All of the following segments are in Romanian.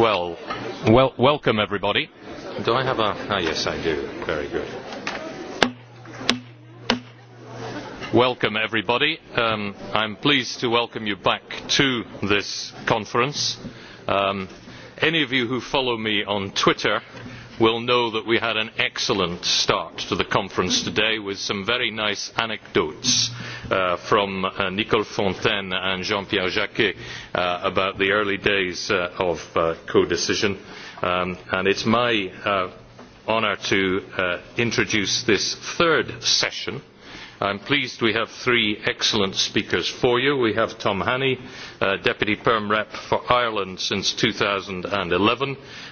Well, well, welcome everybody. Do I have a... Ah, yes, I do. Very good. Welcome everybody. Um, I'm pleased to welcome you back to this conference. Um, any of you who follow me on Twitter will know that we had an excellent start to the conference today with some very nice anecdotes Uh, from uh, Nicole Fontaine and Jean-Pierre Jacquet uh, about the early days of codecision, and it is and it's my honour to introduce this third session. I'm pleased we have three excellent speakers for you. We have Tom Hannay, Deputy permanent Rep for Ireland since 2011,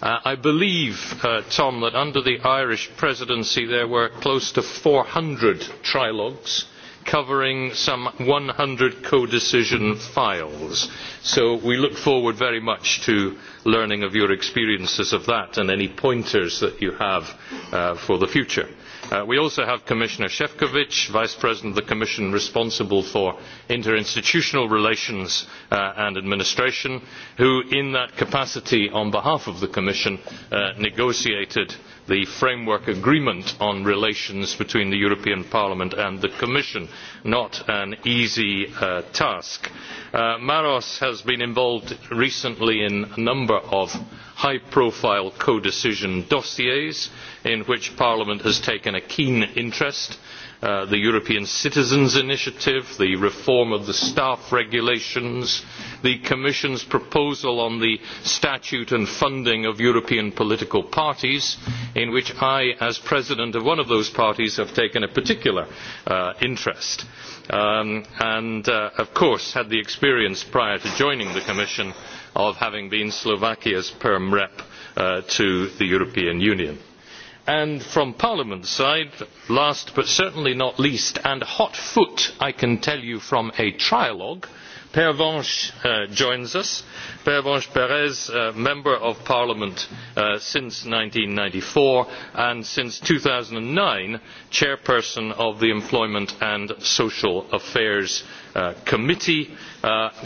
Uh, I believe, uh, Tom, that under the Irish presidency there were close to 400 trilogues covering some 100 co-decision files. So we look forward very much to learning of your experiences of that and any pointers that you have uh, for the future. Uh, we also have commissioner efovi vice president of the commission responsible for interinstitutional relations uh, and administration who in that capacity on behalf of the commission uh, negotiated the framework agreement on relations between the european parliament and the commission not an easy uh, task. Uh, maros has been involved recently in a number of high profile codecision dossiers in which parliament has taken a keen interest. Uh, the European Citizens Initiative, the reform of the staff regulations, the Commission's proposal on the statute and funding of European political parties, in which I, as president of one of those parties, have taken a particular uh, interest. Um, and, uh, of course, had the experience prior to joining the Commission of having been Slovakia's perm rep to the European Union and from parliament's side last but certainly not least and hot foot i can tell you from a trialogue pervenche uh, joins us pervenche Perez, uh, member of parliament uh, since one thousand nine hundred and ninety four and since two thousand and nine chairperson of the employment and social affairs committee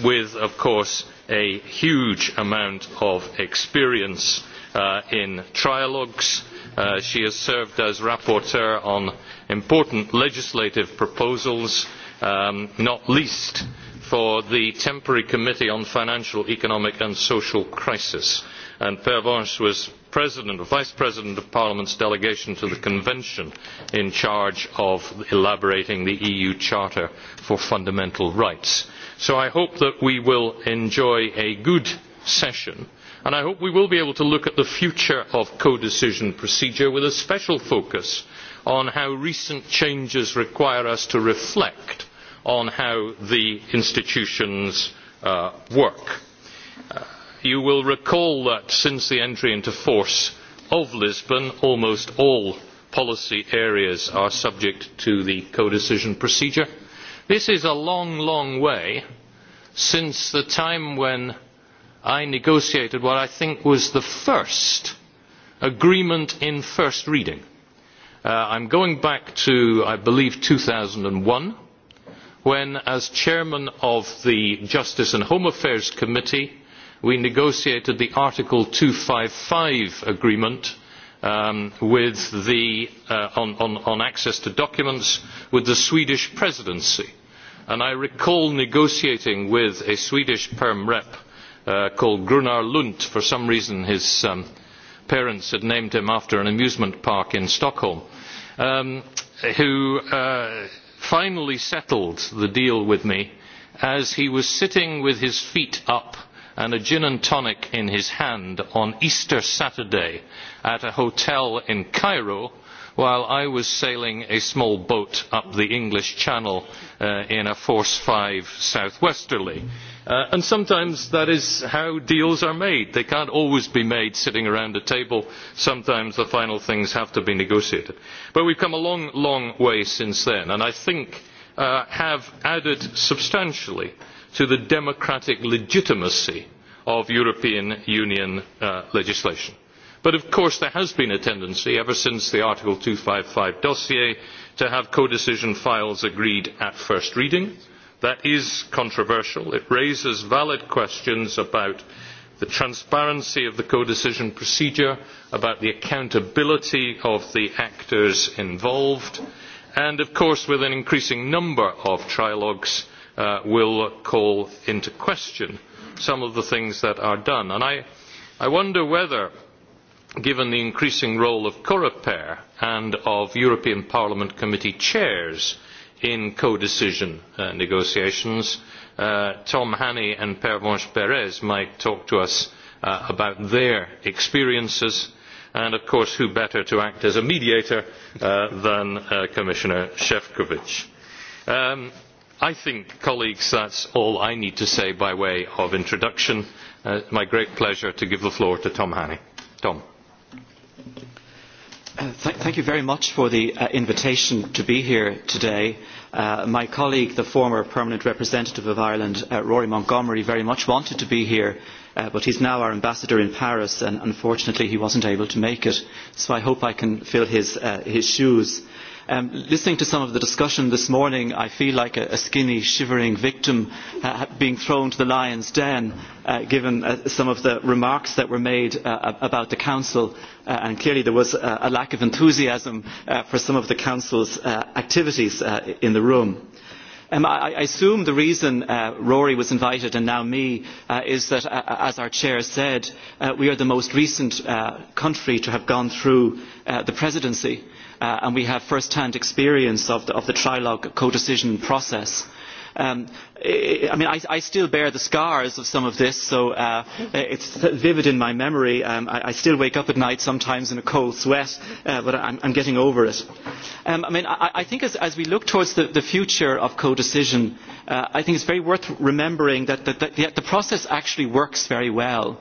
with of course a huge amount of experience Uh, in trialogues. Uh, she has served as rapporteur on important legislative proposals, um, not least for the temporary committee on financial, economic and social crisis. And Pervenche was president or vice president of Parliament's delegation to the convention in charge of elaborating the EU Charter for Fundamental Rights. So I hope that we will enjoy a good session and i hope we will be able to look at the future of codecision procedure with a special focus on how recent changes require us to reflect on how the institutions uh, work. Uh, you will recall that since the entry into force of lisbon almost all policy areas are subject to the codecision procedure. this is a long long way since the time when i negotiated what i think was the first agreement in first reading. Uh, i am going back to i believe two thousand and one when as chairman of the justice and home affairs committee we negotiated the article two hundred and fifty five agreement um, uh, on, on access to documents with the swedish presidency and i recall negotiating with a swedish perm rep Uh, called Grunar Lund. For some reason, his um, parents had named him after an amusement park in Stockholm, um, who uh, finally settled the deal with me as he was sitting with his feet up and a gin and tonic in his hand on Easter Saturday at a hotel in Cairo while I was sailing a small boat up the English Channel Uh, in a force five south westerly. Uh, and sometimes that is how deals are made. They cannot always be made sitting around a table. Sometimes the final things have to be negotiated. But we have come a long, long way since then, and I think uh, have added substantially to the democratic legitimacy of European Union legislation. But of course there has been a tendency ever since the Article two hundred and fifty five dossier to have codecision files agreed at first reading. That is controversial. It raises valid questions about the transparency of the codecision procedure, about the accountability of the actors involved, and of course with an increasing number of trilogues uh, will call into question some of the things that are done. And I, I wonder whether given the increasing role of coreper and of european parliament committee chairs in codecision uh, negotiations uh, tom hannay and pervenche bers might talk to us uh, about their experiences and of course who better to act as a mediator than commissioner efovi. Um, i think colleagues that is all i need to say by way of introduction. it is my great pleasure to give the floor to tom hannay. tom thank you very much for the uh, invitation to be here today. Uh, my colleague, the former permanent representative of Ireland, uh, Rory Montgomery, very much wanted to be here, uh, but he is now our ambassador in Paris, and unfortunately he wasn't able to make it. So I hope I can fill his, uh, his shoes. Um, listening to some of the discussion this morning, I feel like a, a skinny, shivering victim uh, being thrown to the lion's den, uh, given uh, some of the remarks that were made uh, about the Council. Uh, and clearly there was a lack of enthusiasm uh, for some of the Council's uh, activities uh, in the room Um, I, I assume the reason uh, Rory was invited and now me uh, is that, uh, uh, as our chair said, uh, we are the most recent uh, country to have gone through uh, the presidency. Uh, and we have first-hand experience of the, of the trilogue co-decision process. Uh, Um, I mean, I, still bear the scars of some of this, so uh, it it's vivid in my memory. Um, I, still wake up at night sometimes in a cold sweat, uh, but I'm, am getting over it. Um, I mean, I, think as, we look towards the, future of co-decision, uh, I think it's very worth remembering that the process actually works very well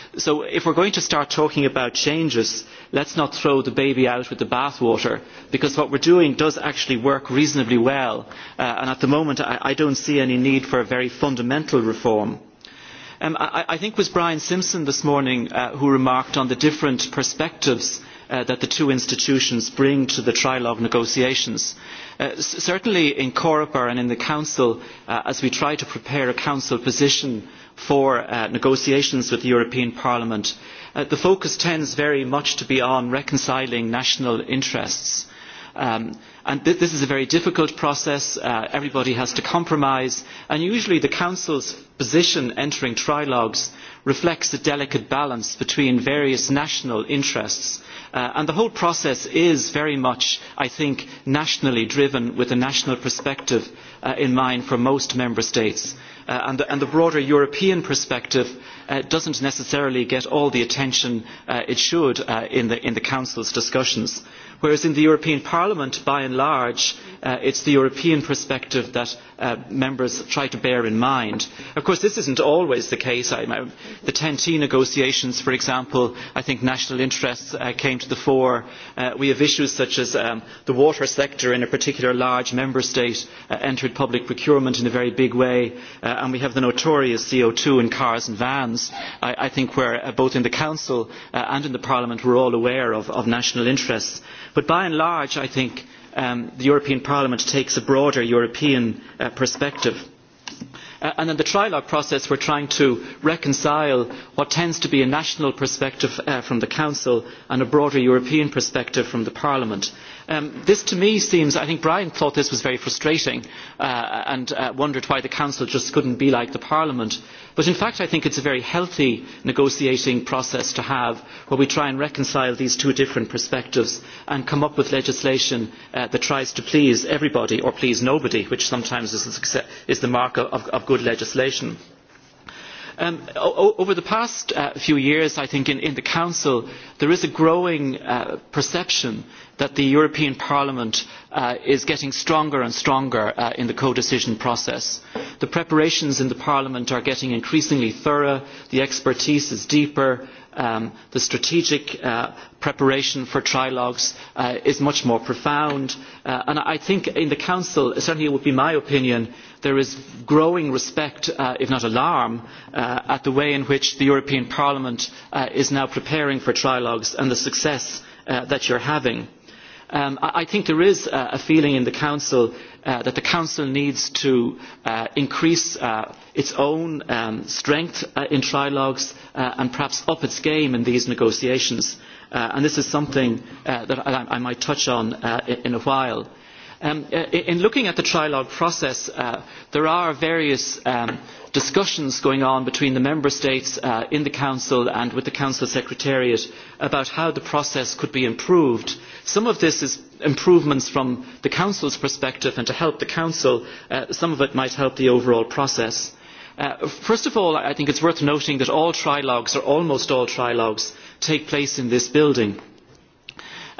so if we are going to start talking about changes let us not throw the baby out with the bathwater because what we are doing does actually work reasonably well uh, and at the moment i, do not see any need for a very fundamental reform. Um, I, think it was Brian Simpson this morning uh, who remarked on the different perspectives uh, that the two institutions bring to the trilogue negotiations. certainly in coreper and in the council as we try to prepare a council position for uh, negotiations with the European Parliament, uh, the focus tends very much to be on reconciling national interests. Um, and th this is a very difficult process. Uh, everybody has to compromise, and usually the Council's position entering trilogues reflects a delicate balance between various national interests. Uh, and the whole process is very much, I think, nationally driven with a national perspective uh, in mind for most member states. Uh, and the, broader European perspective does uh, doesn't necessarily get all the attention uh, it should uh, in, the, in the Council's discussions. Whereas in the European Parliament, by and large, it it's the European perspective that members try to bear in mind. Of course, this isn't always the case. in the ten t negotiations, for example, I think national interests came to the fore. we have issues such as um, the water sector in a particular large member state entered public procurement in a very big way, and we have the notorious CO2 in cars and vans concerns i, think where uh, both in the council uh, and in the parliament we are all aware of, of national interests but by and large i think um, the european parliament takes a broader european uh, perspective. Uh, and in the trilogue process we are trying to reconcile what tends to be a national perspective uh, from the council and a broader european perspective from the parliament. Um, this to me seems, I think Brian thought this was very frustrating uh, and uh, wondered why the Council just couldn't be like the Parliament. But in fact, I think it's a very healthy negotiating process to have where we try and reconcile these two different perspectives and come up with legislation uh, that tries to please everybody or please nobody, which sometimes is, the mark of good legislation over the past uh, few years, I think in, the Council, there is a growing uh, perception that the European Parliament uh, is getting stronger and stronger in the co-decision process. The preparations in the Parliament are getting increasingly thorough, the expertise is deeper, um, the strategic uh, preparation for trilogues uh, is much more profound. Uh, and I think in the Council, certainly it would be my opinion, there is growing respect, uh, if not alarm, uh, at the way in which the European Parliament uh, is now preparing for trilogues and the success uh, that you're having. Um, I, think there is a feeling in the Council uh, that the Council needs to uh, increase uh, its own um, strength in trilogues and perhaps up its game in these negotiations. and this is something that I, might touch on in a while. Um, in looking at the trilogue process, there are various discussions going on between the member states uh, in the council and with the council secretariat about how the process could be improved. some of this is improvements from the council's perspective and to help the council uh, some of it might help the overall process. Uh, first of all i think it is worth noting that all trialogues or almost all trialogues take place in this building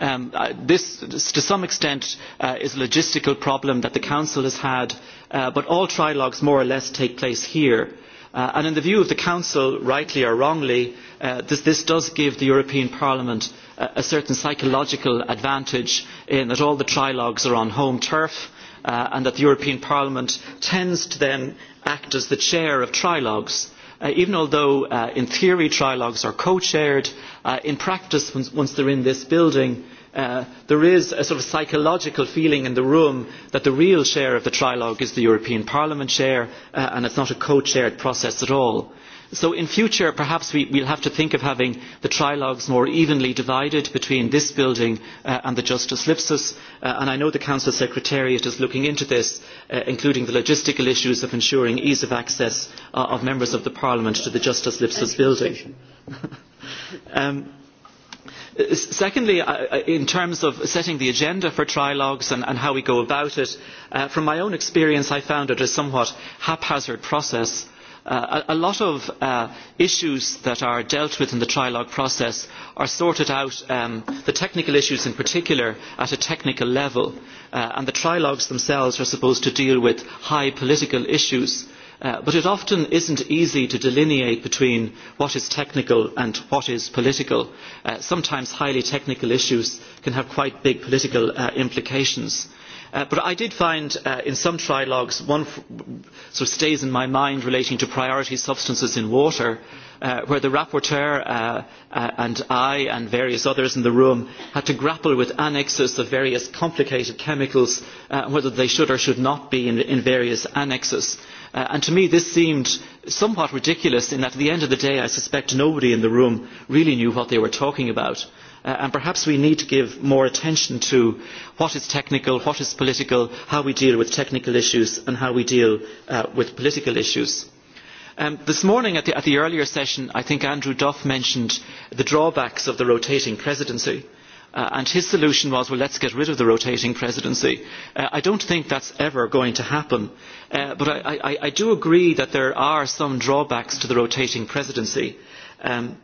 Um, uh, this, to some extent, uh, is a logistical problem that the Council has had, uh, but all trialogues more or less take place here. and in the view of the Council, rightly or wrongly, this, does give the European Parliament a, certain psychological advantage in that all the trialogues are on home turf and that the European Parliament tends to then act as the chair of trialogues. Uh, even although uh, in theory trilogues are co-chaired, uh, in practice, once, they they're in this building, there is a sort of psychological feeling in the room that the real chair of the trilogue is the European Parliament chair, and and it's not a co-chaired process at all so in future perhaps we will have to think of having the trialogues more evenly divided between this building uh, and the justice lipsus uh, and i know the council secretariat is looking into this uh, including the logistical issues of ensuring ease of access uh, of members of the parliament to the justice lipsus building. um, secondly in terms of setting the agenda for trialogues and, and how we go about it uh, from my own experience i found it a somewhat haphazard process Uh, a, lot of uh, issues that are dealt with in the trilogue process are sorted out, um, the technical issues in particular, at a technical level. Uh, and the trilogues themselves are supposed to deal with high political issues. but it often isn't easy to delineate between what is technical and what is political. sometimes highly technical issues can have quite big political implications. Uh, but I did find uh, in some trialogues one sort of stays in my mind relating to priority substances in water, uh, where the rapporteur and I and various others in the room had to grapple with annexes of various complicated chemicals, and whether they should or should not be in, various annexes. to me this seemed somewhat ridiculous in that at the end of the day I suspect nobody in the room really knew what they were talking about. Uh, and perhaps we need to give more attention to what is technical, what is political, how we deal with technical issues and how we deal uh, with political issues. Um, this morning at the, earlier session, I think Andrew Duff mentioned the drawbacks of the rotating presidency. Uh, and his solution was, well, let us get rid of the rotating presidency. i do not think that is ever going to happen. but I, do agree that there are some drawbacks to the rotating presidency. Um,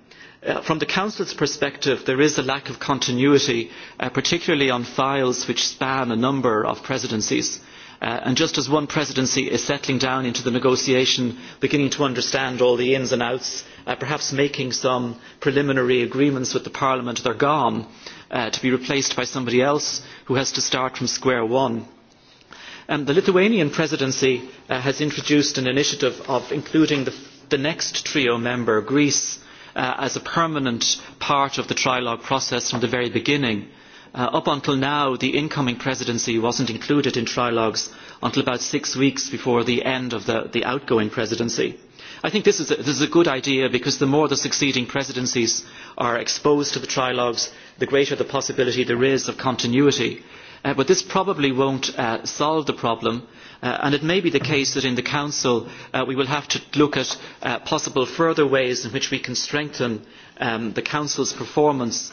Uh, from the Council's perspective, there is a lack of continuity, uh, particularly on files which span a number of presidencies. Uh, and just as one presidency is settling down into the negotiation, beginning to understand all the ins and outs, perhaps making some preliminary agreements with the Parliament, are gone to be replaced by somebody else who has to start from square one. Um, the Lithuanian presidency has introduced an initiative of including the next trio member, Greece, Uh, as a permanent part of the trilogue process from the very beginning. Uh, up until now, the incoming presidency wasn't included in trilogues until about six weeks before the end of the, the outgoing presidency. I think this is, a, this is a good idea because the more the succeeding presidencies are exposed to the trilogues, the greater the possibility there is of continuity Uh, but this probably will not uh, solve the problem uh, and it may be the case that in the council we will have to look at possible further ways in which we can strengthen um, the council's performance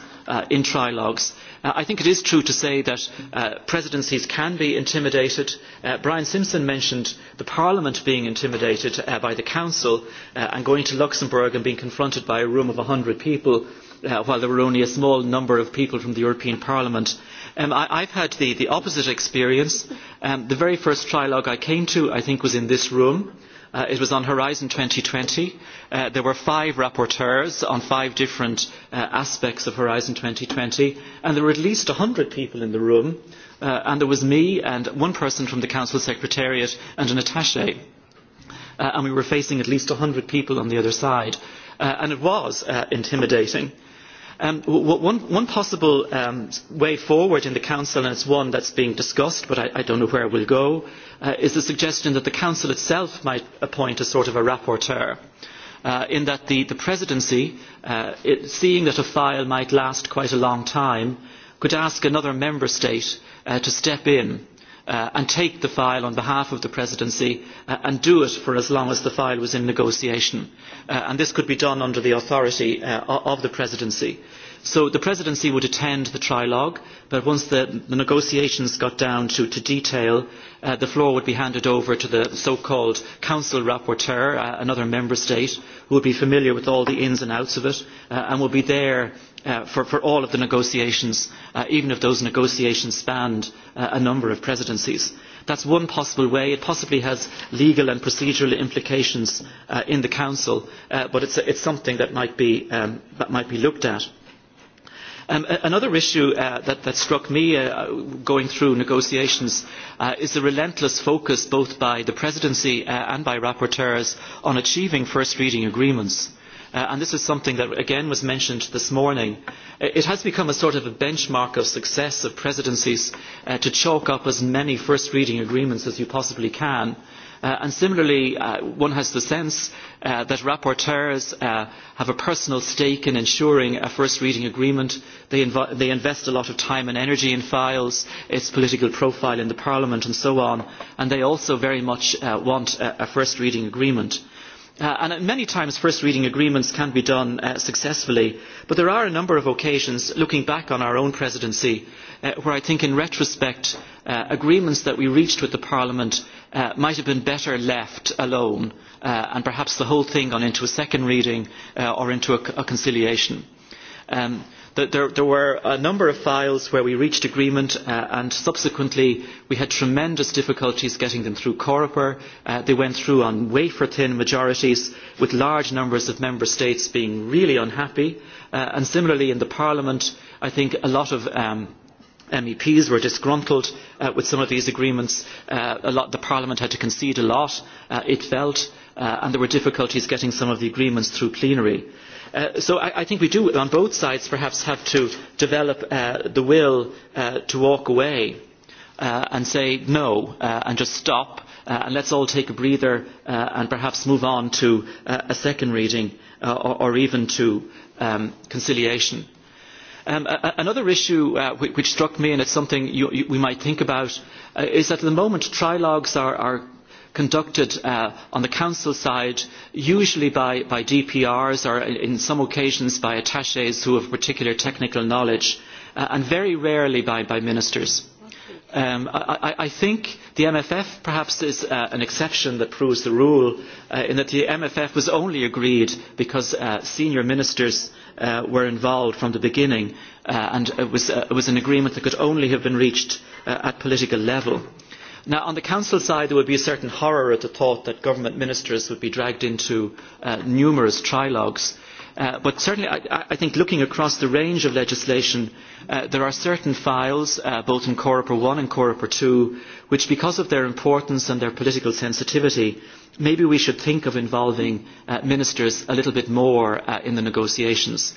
in trilogues. i think it is true to say that presidencies can be intimidated. brian simpson mentioned parliament being intimidated by the council and going to luxembourg and being confronted by a room of one hundred people while there were only a small number of people from the european parliament Um, I, have had the, the, opposite experience. Um, the very first trilogue I came to, I think, was in this room. Uh, it was on Horizon 2020. Uh, there were five rapporteurs on five different uh, aspects of Horizon 2020, and there were at least 100 people in the room, uh, and there was me and one person from the Council Secretariat and an attaché. Uh, and we were facing at least 100 people on the other side. Uh, and it was uh, intimidating. Um, one, possible um, way forward in the Council, and it is one that is being discussed, but I, do not know where it will go, uh, is the suggestion that the Council itself might appoint a sort of rapporteur. Uh, in that the, presidency, uh, seeing that a file might last quite a long time, could ask another member state to step in Uh, and take the file on behalf of the presidency uh, and do it for as long as the file was in negotiation. Uh, and this could be done under the authority of the presidency. So the presidency would attend the trilogue, but once the, the negotiations got down to, to detail, uh, the floor would be handed over to the so-called council rapporteur, uh, another member state, who would be familiar with all the ins and outs of it uh, and would be there Uh, for, for, all of the negotiations, uh, even if those negotiations spanned uh, a number of presidencies. That's one possible way. It possibly has legal and procedural implications uh, in the Council, uh, but it's, it's something that might be, um, that might be looked at. Um, another issue uh, that, that, struck me uh, going through negotiations uh, is the relentless focus both by the presidency and by rapporteurs on achieving first reading agreements. Uh, and this is something that again was mentioned this morning. Uh, it has become a sort of a benchmark of success of presidencies uh, to chalk up as many first reading agreements as you possibly can. Uh, and similarly, uh, one has the sense uh, that rapporteurs uh, have a personal stake in ensuring a first reading agreement. They, they, invest a lot of time and energy in files, its political profile in the Parliament and so on, and they also very much want a, a first reading agreement. Uh, and many times first reading agreements can be done uh, successfully, but there are a number of occasions, looking back on our own presidency, uh, where I think in retrospect uh, agreements that we reached with Parliament uh, might have been better left alone and perhaps the whole thing gone into a second reading or into a, a conciliation. Um, that there, there were a number of files where we reached agreement uh, and subsequently we had tremendous difficulties getting them through Coreper. Uh, they went through on wafer-thin majorities with large numbers of member states being really unhappy. Uh, and similarly in the Parliament, I think a lot of um, meps were disgruntled uh, with some of these agreements. Uh, lot, the parliament had to concede a lot, uh, it felt, uh, and there were difficulties getting some of the agreements through plenary. Uh, so I, I think we do, on both sides, perhaps have to develop uh, the will uh, to walk away uh, and say no uh, and just stop uh, and let's all take a breather uh, and perhaps move on to uh, a second reading uh, or, or even to um, conciliation. Um, a, another issue uh, which, which struck me, and it's something you, you, we might think about, uh, is that at the moment trilogues are, are conducted uh, on the council side, usually by, by DPRs or in some occasions by attaches who have particular technical knowledge, uh, and very rarely by, by ministers. Um, I, I, think the MFF perhaps is uh, an exception that proves the rule uh, in that the MFF was only agreed because uh, senior ministers uh, were involved from the beginning uh, and it was, uh, it was, an agreement that could only have been reached at political level. Now, on the Council side, there would be a certain horror at the thought that government ministers would be dragged into uh, numerous trilogues. Uh, but certainly, I, I, think looking across the range of legislation, uh, there are certain files, uh, both in Coreper 1 and Coreper 2, which, because of their importance and their political sensitivity, maybe we should think of involving uh, ministers a little bit more uh, in the negotiations.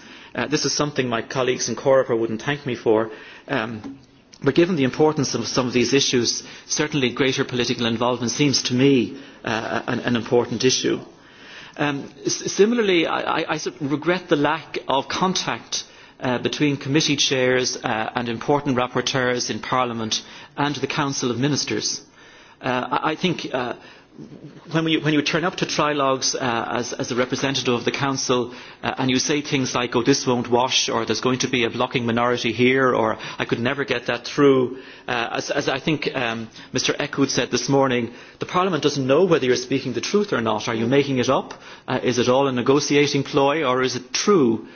this is something my colleagues in Coreper wouldn't thank me for. Um, But given the importance of some of these issues, certainly greater political involvement seems to me uh, an, an, important issue. Um, similarly, I, I, regret the lack of contact uh, between committee chairs uh, and important rapporteurs in Parliament and the Council of Ministers. Uh, I think uh, when, we, when you turn up to trilogues uh, as, as a representative of the council uh, and you say things like, oh, this won't wash, or there's going to be a blocking minority here, or I could never get that through, uh, as, as I think um, Mr. Eckhout said this morning, the Parliament doesn't know whether you're speaking the truth or not. Are you making it up? Uh, is it all a negotiating ploy, or is it true?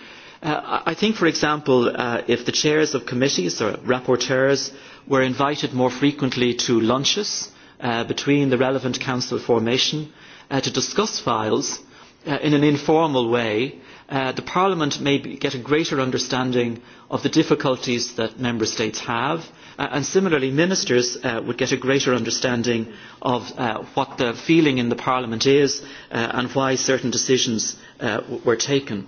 Uh, I think, for example, uh, if the chairs of committees or rapporteurs were invited more frequently to lunches, uh, between the relevant council formation uh, to discuss files uh, in an informal way, uh, the Parliament may be, get a greater understanding of the difficulties that Member States have, uh, and similarly ministers uh, would get a greater understanding of uh, what the feeling in the Parliament is uh, and why certain decisions uh, were taken.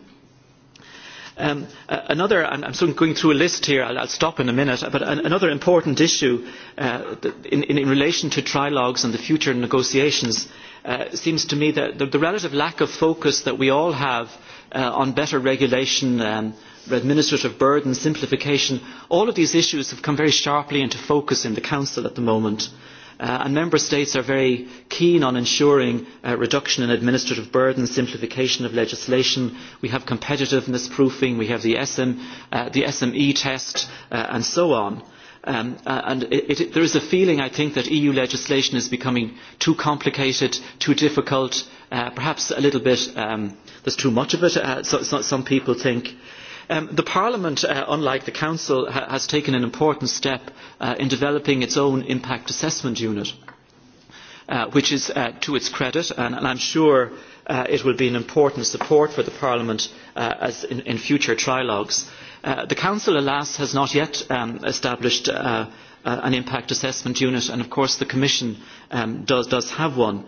Um, uh, another, I'm, am going through a list here, I'll, will stop in a minute, but another important issue uh, in, relation to trilogues and the future negotiations uh, seems to me that the, the, relative lack of focus that we all have on better regulation, um, administrative burden, simplification, all of these issues have come very sharply into focus in the Council at the moment. Uh, and member states are very keen on ensuring a uh, reduction in administrative burden, simplification of legislation. We have competitiveness proofing, we have the, SM, uh, the SME test, uh, and so on. Um, uh, and it, it, there is a feeling, I think, that EU legislation is becoming too complicated, too difficult, uh, perhaps a little bit, um, there's too much of it, so, so some people think. Um, the Parliament, uh, unlike the Council, has taken an important step uh, in developing its own impact assessment unit, uh, which is to its credit, and, I am sure it will be an important support for Parliament in, future trialogues. the Council, alas, has not yet um, established an impact assessment unit, and of course the Commission um, does, have one.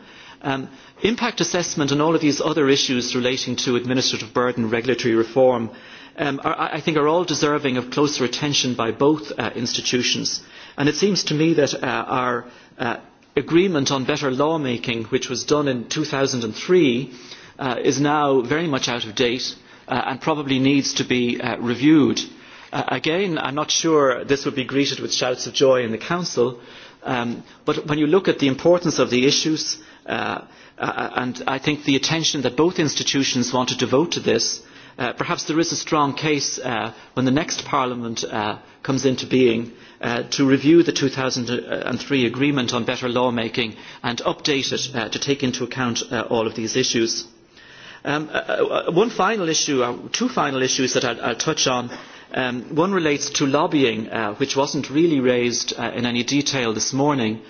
impact assessment and all of these other issues relating to administrative burden regulatory reform um, are, I think are all deserving of closer attention by both uh, institutions. And it seems to me that uh, our uh, agreement on better lawmaking, which was done in 2003, uh, is now very much out of date uh, and probably needs to be uh, reviewed. Uh, again, I'm not sure this would be greeted with shouts of joy in the Council, um, but when you look at the importance of the issues, uh, uh, and I think the attention that both institutions want to devote to this, Uh, perhaps there is a strong case uh, when the next Parliament uh, comes into being to review the two thousand and three Agreement on Better law making and update it to take into account all of these issues. Um, one final issue, or two final issues that i will touch on. Um, one relates to lobbying, which was not really raised in any detail this morning.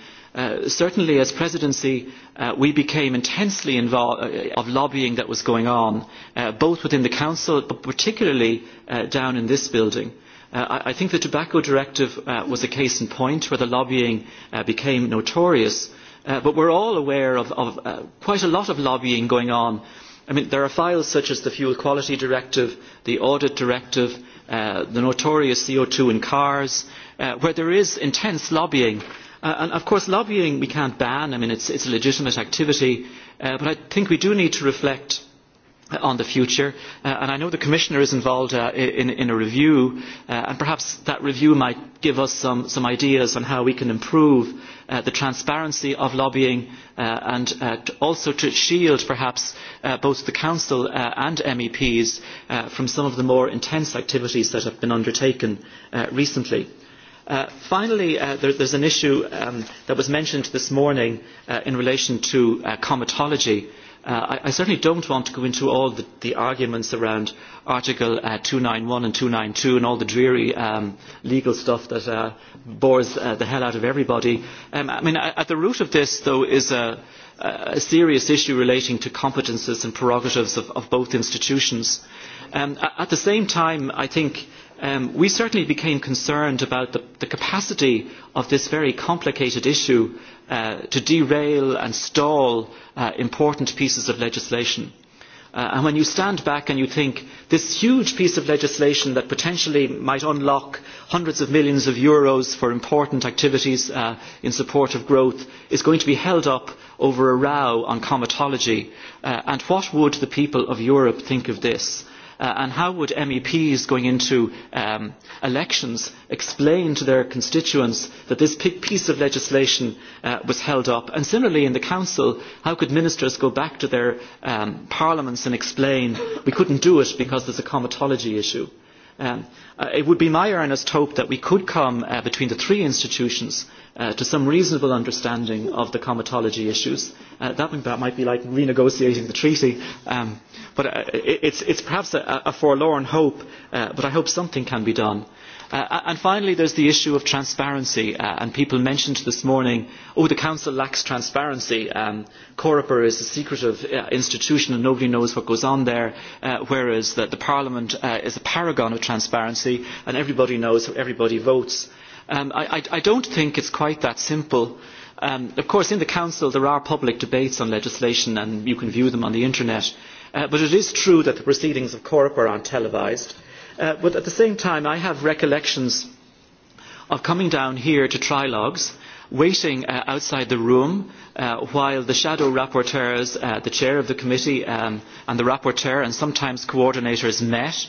certainly, as presidency, Uh, we became intensely involved in uh, of lobbying that was going on, uh, both within the Council, but particularly down in this building. I, think the Tobacco Directive was a case in point where the lobbying became notorious, but we're all aware of, quite a lot of lobbying going on. I mean, there are files such as the Fuel Quality Directive, the Audit Directive, the notorious CO2 in cars, where there is intense lobbying Uh, of course, lobbying we can't ban. I mean, it's, it's a legitimate activity, uh, but I think we do need to reflect uh, on the future uh, and I know the Commissioner is involved uh, in, in, a review uh, and perhaps that review might give us some, some ideas on how we can improve uh, the transparency of lobbying and to also to shield perhaps both the Council and MEPs from some of the more intense activities that have been undertaken recently. Uh, finally, uh, there, is an issue um, that was mentioned this morning uh, in relation to uh, comitology. Uh, I, I certainly don't want to go into all the, the arguments around Article uh, 291 and 292 and all the dreary um, legal stuff that uh, bores uh, the hell out of everybody. Um, I mean, at the root of this, though, is a, a serious issue relating to competences and prerogatives of, of both institutions. Um, at the same time, I think Um, we certainly became concerned about the, the, capacity of this very complicated issue uh, to derail and stall uh, important pieces of legislation. Uh, and when you stand back and you think this huge piece of legislation that potentially might unlock hundreds of millions of euros for important activities uh, in support of growth is going to be held up over a row on comitology, uh, and what would the people of Europe think of this? Uh, and how would MEPs going into um, elections explain to their constituents that this piece of legislation uh, was held up? And similarly, in the Council, how could ministers go back to their um, parliaments and explain we couldn't do it because there's a comitology issue? Um, uh, it would be my earnest hope that we could come uh, between the three institutions uh, to some reasonable understanding of the comitology issues. Uh, that, that might be like renegotiating the treaty, um, but uh, it, it's, it's perhaps a, a forlorn hope, uh, but I hope something can be done. Uh, and finally, there's the issue of transparency, uh, and people mentioned this morning, oh, the Council lacks transparency. Um, Coreper is a secretive uh, institution and nobody knows what goes on there, uh, whereas the, the Parliament uh, is a paragon of transparency and everybody knows how everybody votes. Uh, Um, I, do not don't think it's quite that simple. Um, of course, in the Council there are public debates on legislation and you can view them on the internet. Uh, but it is true that the proceedings of Coreper not televised. Uh, but at the same time, I have recollections of coming down here to trilogues, waiting uh, outside the room while the shadow rapporteurs, the chair of the committee um, and the rapporteur and sometimes coordinators met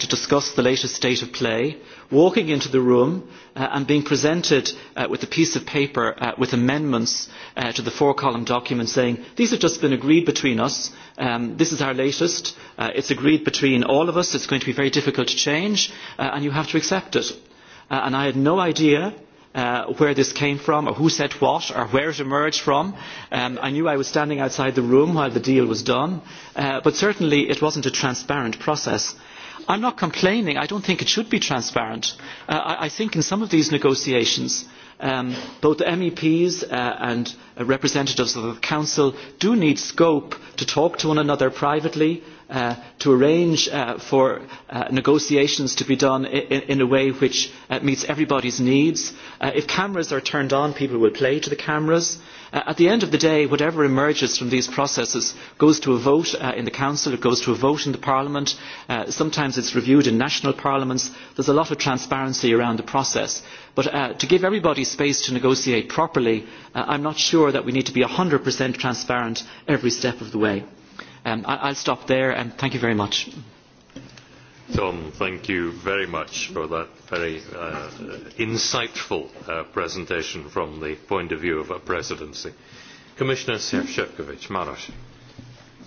to discuss the latest state of play walking into the room uh, and being presented uh, with a piece of paper uh, with amendments uh, to the four column document saying, These have just been agreed between us, um, this is our latest, uh, it's agreed between all of us, it's going to be very difficult to change, uh, and you have to accept it. Uh, and I had no idea Uh, where this came from or who said what or where it emerged from. Um, I knew I was standing outside the room while the deal was done, uh, but certainly it wasn't a transparent process. I'm not complaining. I don't think it should be transparent. Uh, I, I think in some of these negotiations, um, both MEPs uh, and uh, representatives of the Council do need scope to talk to one another privately, Uh, to arrange uh, for uh, negotiations to be done in, a way which meets everybody's needs. if cameras are turned on, people will play to the cameras. at the end of the day, whatever emerges from these processes goes to a vote in the Council, it goes to a vote in the Parliament. sometimes it's reviewed in national parliaments. There's a lot of transparency around the process. But to give everybody space to negotiate properly, I'm not sure that we need to be 100% transparent every step of the way. Um, I'll stop there and thank you very much. Tom, thank you very much for that very uh, insightful uh, presentation from the point of view of a presidency. Commissioner Sefcovic, Maros.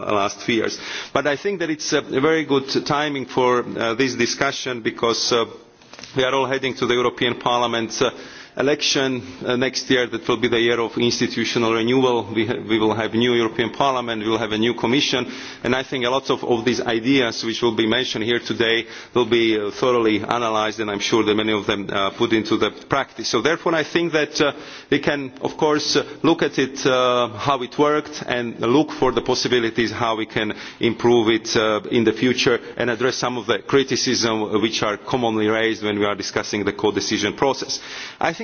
the last few years. But I think that it's a very good timing for uh, this discussion because uh, we are all heading to the European Parliament uh, election uh, next year that will be the year of institutional renewal we, we will have a new european parliament we will have a new commission and i think a lot of, of these ideas which will be mentioned here today will be uh, thoroughly analysed and i am sure that many of them uh, put into the practice. so therefore i think that uh, we can of course uh, look at it uh, how it worked and look for the possibilities how we can improve it uh, in the future and address some of the criticism which are commonly raised when we are discussing the codecision process. i think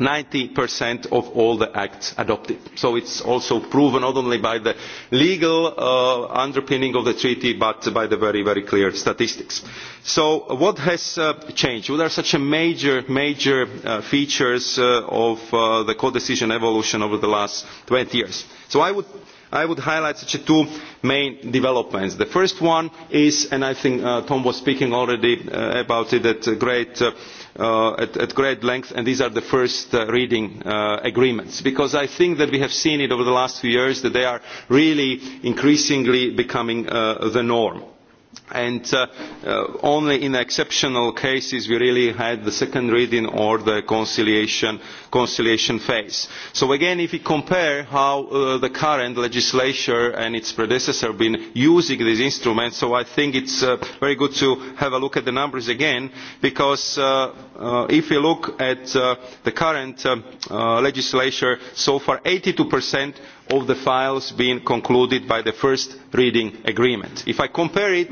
90% of all the acts adopted. So it's also proven not only by the legal uh, underpinning of the treaty but by the very, very clear statistics. So what has uh, changed? What are such a major, major uh, features of the codecision evolution over the last 20 years? So I would I would highlight such two main developments. The first one is, and I think uh, Tom was speaking already uh, about it at great, uh, at, great length, and these are the first reading agreements, because I think that we have seen it over the last few years that they are really increasingly becoming the norm and uh, uh, only in exceptional cases we really had the second reading or the conciliation, conciliation phase. So again, if we compare how uh, the current legislature and its predecessor have been using these instruments, so I think it's uh, very good to have a look at the numbers again, because uh, uh, if we look at uh, the current uh, uh, legislature, so far 82% of the files being concluded by the first reading agreement. If I compare it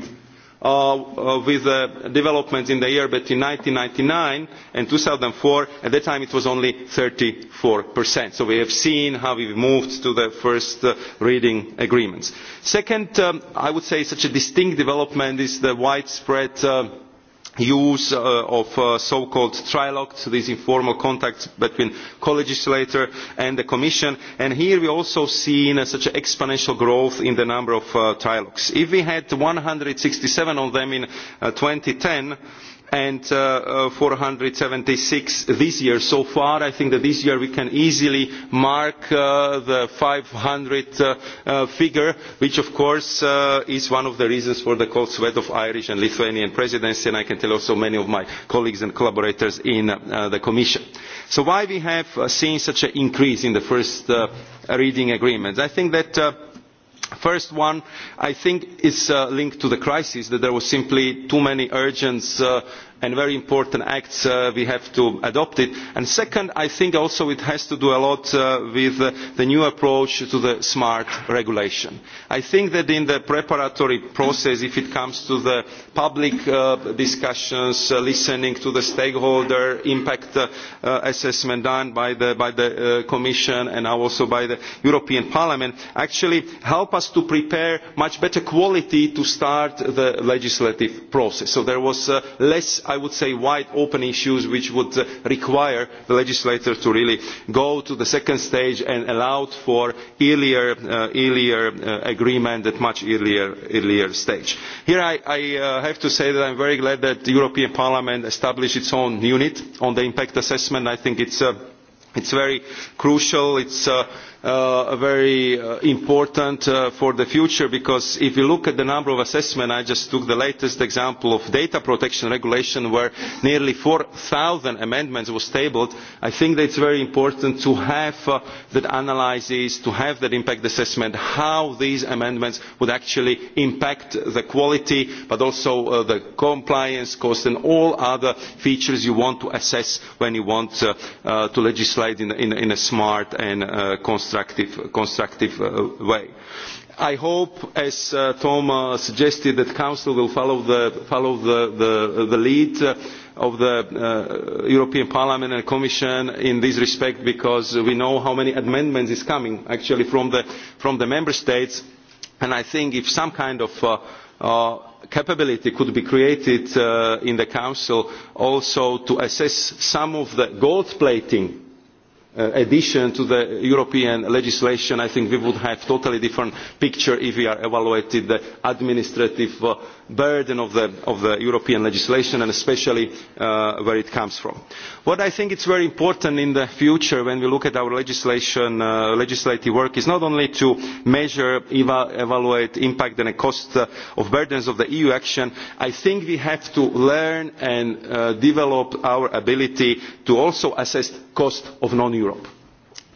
Uh, uh, with the uh, developments in the year between 1999 and 2004. At that time it was only 34%. So we have seen how we moved to the first uh, reading agreements. Second, um, I would say such a distinct development is the widespread uh, use uh, of uh, so-called trilogues, these informal contacts between co-legislator and the Commission. And here we also see such an exponential growth in the number of uh, trilogues. If we had 167 of them in and 2010, and uh, uh, 476 this year so far. I think that this year we can easily mark uh, the 500 uh, uh, figure, which of course uh, is one of the reasons for the cold sweat of Irish and Lithuanian presidency, and I can tell also many of my colleagues and collaborators in uh, the Commission. So why we have uh, seen such an increase in the first uh, reading agreements? I think that uh, first one i think is uh, linked to the crisis that there were simply too many urgent uh, and very important acts uh, we have to adopt it. And second, I think also it has to do a lot uh, with uh, the new approach to the smart regulation. I think that in the preparatory process, if it comes to the public discussions, listening to the stakeholder impact assessment done by the, by the Commission and now also by the European Parliament, actually help us to prepare much better quality to start the legislative process. So there was less i would say wide open issues which would uh, require the legislator to really go to the second stage and allow for earlier, uh, earlier uh, agreement at a much earlier, earlier stage. here i, I have to say that i am very glad that the european parliament established its own unit on the impact assessment. i think it is very crucial. it Uh, very uh, important uh, for the future because if you look at the number of assessments, I just took the latest example of data protection regulation where nearly 4,000 amendments were tabled. I think that it's very important to have uh, that analysis, to have that impact assessment, how these amendments would actually impact the quality, but also uh, the compliance cost and all other features you want to assess when you want uh, to legislate in, in, in a smart and uh, constructive, constructive uh, way. I hope, as uh, Tom uh, suggested, that Council will follow the, follow the, the, the lead uh, of the uh, European Parliament and Commission in this respect, because we know how many amendments is coming actually from the, from the Member States. And I think if some kind of uh, capability could be created in the Council also to assess some of the gold plating Uh, addition to the european legislation i think we would have a totally different picture if we evaluated the administrative uh, burden of the, of the European legislation and especially uh, where it comes from. What I think is very important in the future when we look at our legislation, uh, legislative work is not only to measure, eva evaluate impact and the cost uh, of burdens of the EU action, I think we have to learn and uh, develop our ability to also assess cost of non-Europe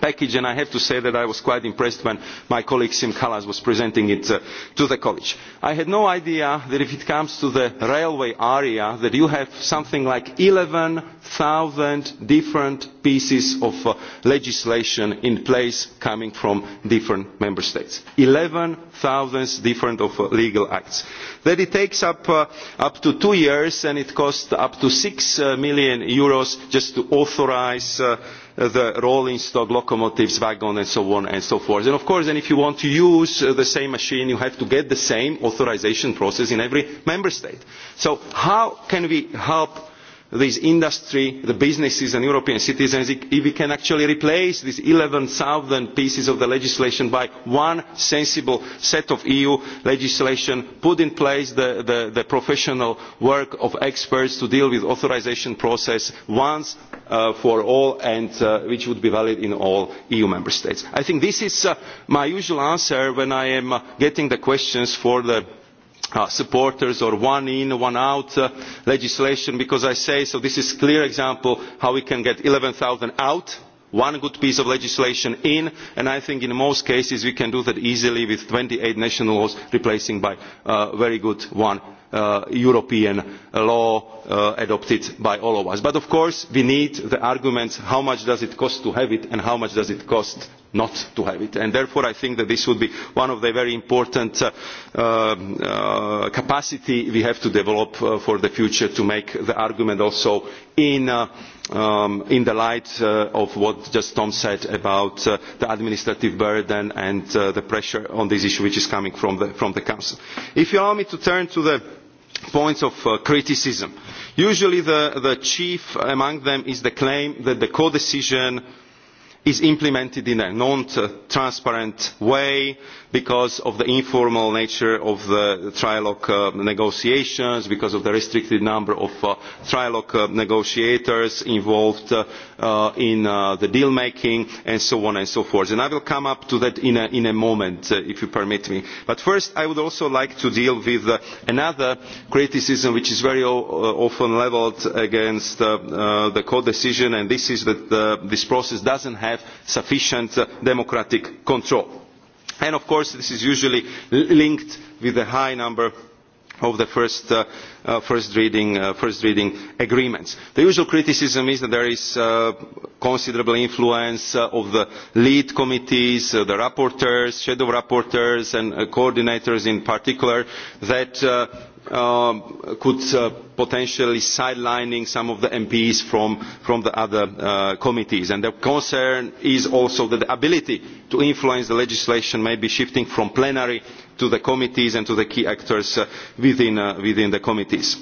package and I have to say that I was quite impressed when my colleague Sim Kallas was presenting it uh, to the college. I had no idea that if it comes to the railway area that you have something like 11,000 different pieces of uh, legislation in place coming from different member states. 11,000 different of, uh, legal acts. That it takes up, uh, up to two years and it costs up to 6 uh, million euros just to authorize uh, the rolling stock locomotives, wagons and so on and so forth. And of course if you want to use uh, the same machine you have to get the same authorisation process in every member state. So how can we help this industry, the businesses and European citizens, if we can actually replace these 11,000 pieces of the legislation by one sensible set of EU legislation, put in place the, professional work of experts to deal with authorisation process once uh, for all and uh, which would be valid in all EU member states. I think this is uh, my usual answer when I am getting the questions for the Uh, supporters or one in one out uh, legislation because i say so this is a clear example of how we can get eleven zero out one good piece of legislation in and i think in most cases we can do that easily with twenty eight national laws replacing by a uh, very good one Uh, european law uh, adopted by all of us. but of course we need the arguments how much does it cost to have it and how much does it cost not to have it? And therefore i think that this would be one of the very important capacities uh, um, capacity we have to develop for the future to make the argument also in, um, in the light of what just tom said about the administrative burden and the pressure on this issue which is coming from the, from the council. if you allow me to turn to the points of uh, criticism. Usually the, the chief among them is the claim that the co-decision is implemented in a non transparent way because of the informal nature of the trilogue uh, negotiations because of the restricted number of uh, trilogue uh, negotiators involved in the deal making and so on and so forth. And i will come up to that in a, in a moment if you permit me. but first i would also like to deal with another criticism which is very often levelled against the codecision and this is that this process does not have sufficient uh, democratic control. And of course this is usually linked with the high number of the first, uh, uh, first, reading, uh, first reading agreements. The usual criticism is that there is uh, considerable influence uh, of the lead committees, uh, the rapporteurs, shadow rapporteurs and uh, coordinators in particular that uh, Uh, could uh, potentially sidelining some of the MPs from, from the other uh, committees. And the concern is also that the ability to influence the legislation may be shifting from plenary to the committees and to the key actors uh, within, within the committees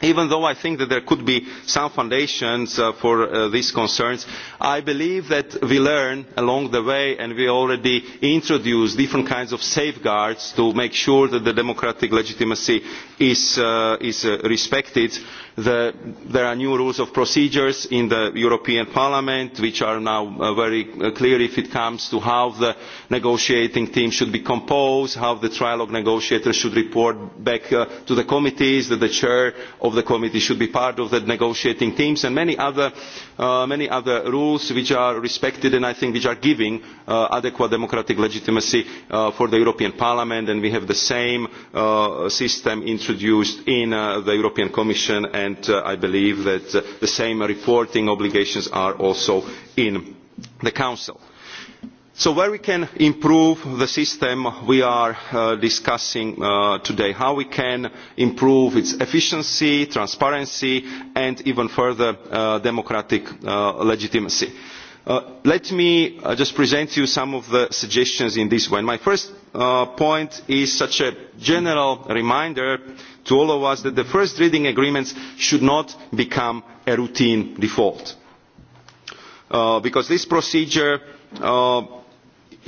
even though i think that there could be some foundations uh, for uh, these concerns i believe that we learn along the way and we already introduce different kinds of safeguards to make sure that the democratic legitimacy is, uh, is uh, respected. The, there are new rules of procedures in the European Parliament which are now uh, very uh, clear if it comes to how the negotiating team should be composed, how the trilogue negotiators should report back uh, to the committees, that the chair of the committee should be part of the negotiating teams and many other, uh, many other rules which are respected and I think which are giving uh, adequate democratic legitimacy uh, for the European Parliament and we have the same system introduced in the European Commission and and uh, I believe that uh, the same reporting obligations are also in the Council. So where we can improve the system we are uh, discussing uh, today, how we can improve its efficiency, transparency and even further uh, democratic uh, legitimacy. let me just present you some of the suggestions in this way. My first Uh, point is such a general reminder to all of us that the first reading agreements should not become a routine default. Uh, because this procedure uh,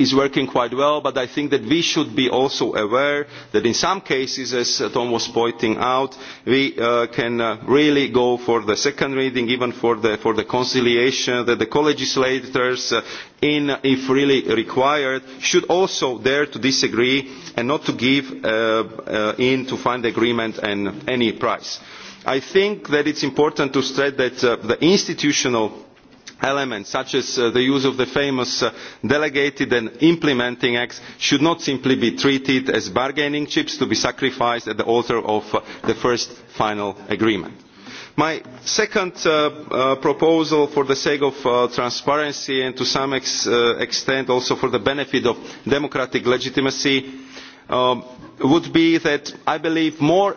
is working quite well but i think that we should be also aware that in some cases as uh, tom was pointing out we uh, can uh, really go for the second reading even for the for the conciliation that the co-legislators in if really required should also dare to disagree and not to give in to find agreement at any price i think that it's important to stress that the institutional elements such as uh, the use of the famous uh, delegated and implementing acts should not simply be treated as bargaining chips to be sacrificed at the altar of uh, the first final agreement. My second proposal for the sake of transparency and to some ex extent also for the benefit of democratic legitimacy would be that I believe more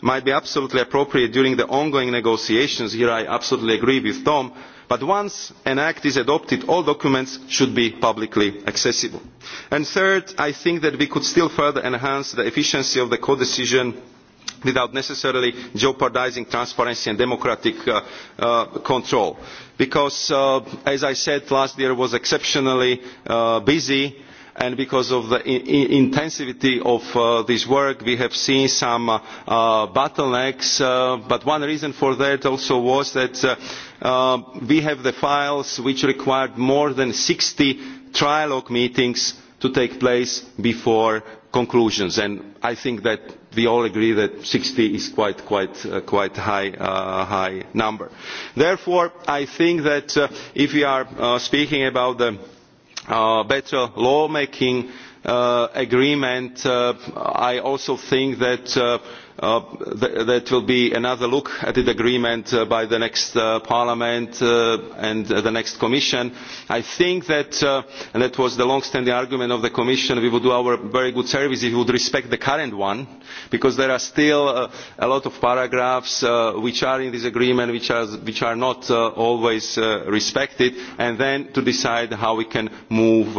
might be absolutely appropriate during the ongoing negotiations here i absolutely agree with tom but once an act is adopted all documents should be publicly accessible. And third i think that we could still further enhance the efficiency of the codecision without necessarily jeopardising transparency and democratic uh, uh, control because uh, as i said last year was exceptionally busy and because of the intensity of uh, this work we have seen some uh, bottlenecks uh, but one reason for that also was that uh, uh, we have the files which required more than 60 trilogue meetings to take place before conclusions and I think that we all agree that 60 is quite quite uh, quite high uh, high number therefore I think that uh, if we are speaking about the better lawmaking making uh, agreement uh, i also think that uh, Uh, there that will be another look at the agreement uh, by the next uh, parliament and the next commission. i think that and that was the long standing argument of the commission we would do our very good service if we would respect the current one because there are still a lot of paragraphs which are in this agreement which are, which are not always respected and then to decide how we can move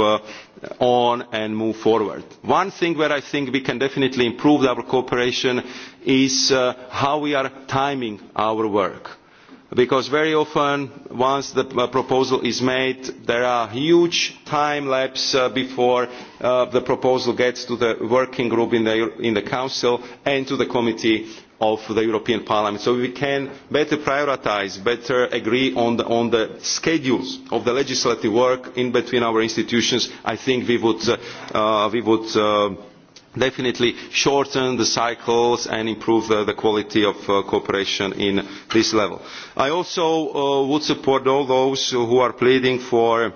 on and move forward. One thing where I think we can definitely improve our cooperation is uh, how we are timing our work. Because very often, once the uh, proposal is made, there are huge time lapses uh, before the proposal gets to the working group in the Council and to the Committee of the European Parliament. So we can better prioritise, better agree on the, on the, schedules of the legislative work in between our institutions. I think we would, uh, uh, we would uh, definitely shorten the cycles and improve the, the quality of uh, cooperation in this level. I also uh, would support all those who are pleading for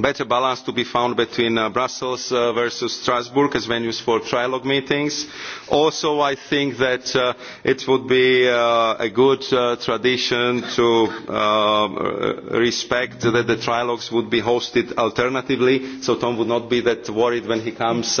better balance to be found between uh, Brussels uh, versus Strasbourg as venues for trilogue meetings. Also, I think that uh, it would be uh, a good uh, tradition to uh, respect that the trilogues would be hosted alternatively, so Tom would not be that worried when he comes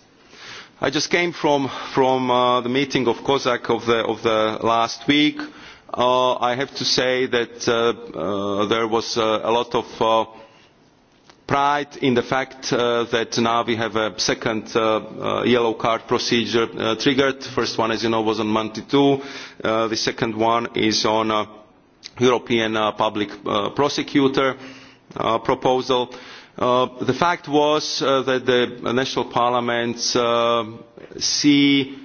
I just came from, uh, the meeting of COSAC of the, last week. Uh, I have to say that uh, there was a lot of pride in the fact that now we have a second yellow card procedure triggered. The first one, as you know, was on monday. Two, the second one is on uh, European Public Prosecutor proposal. Uh, the fact was uh, that the national parliaments uh, see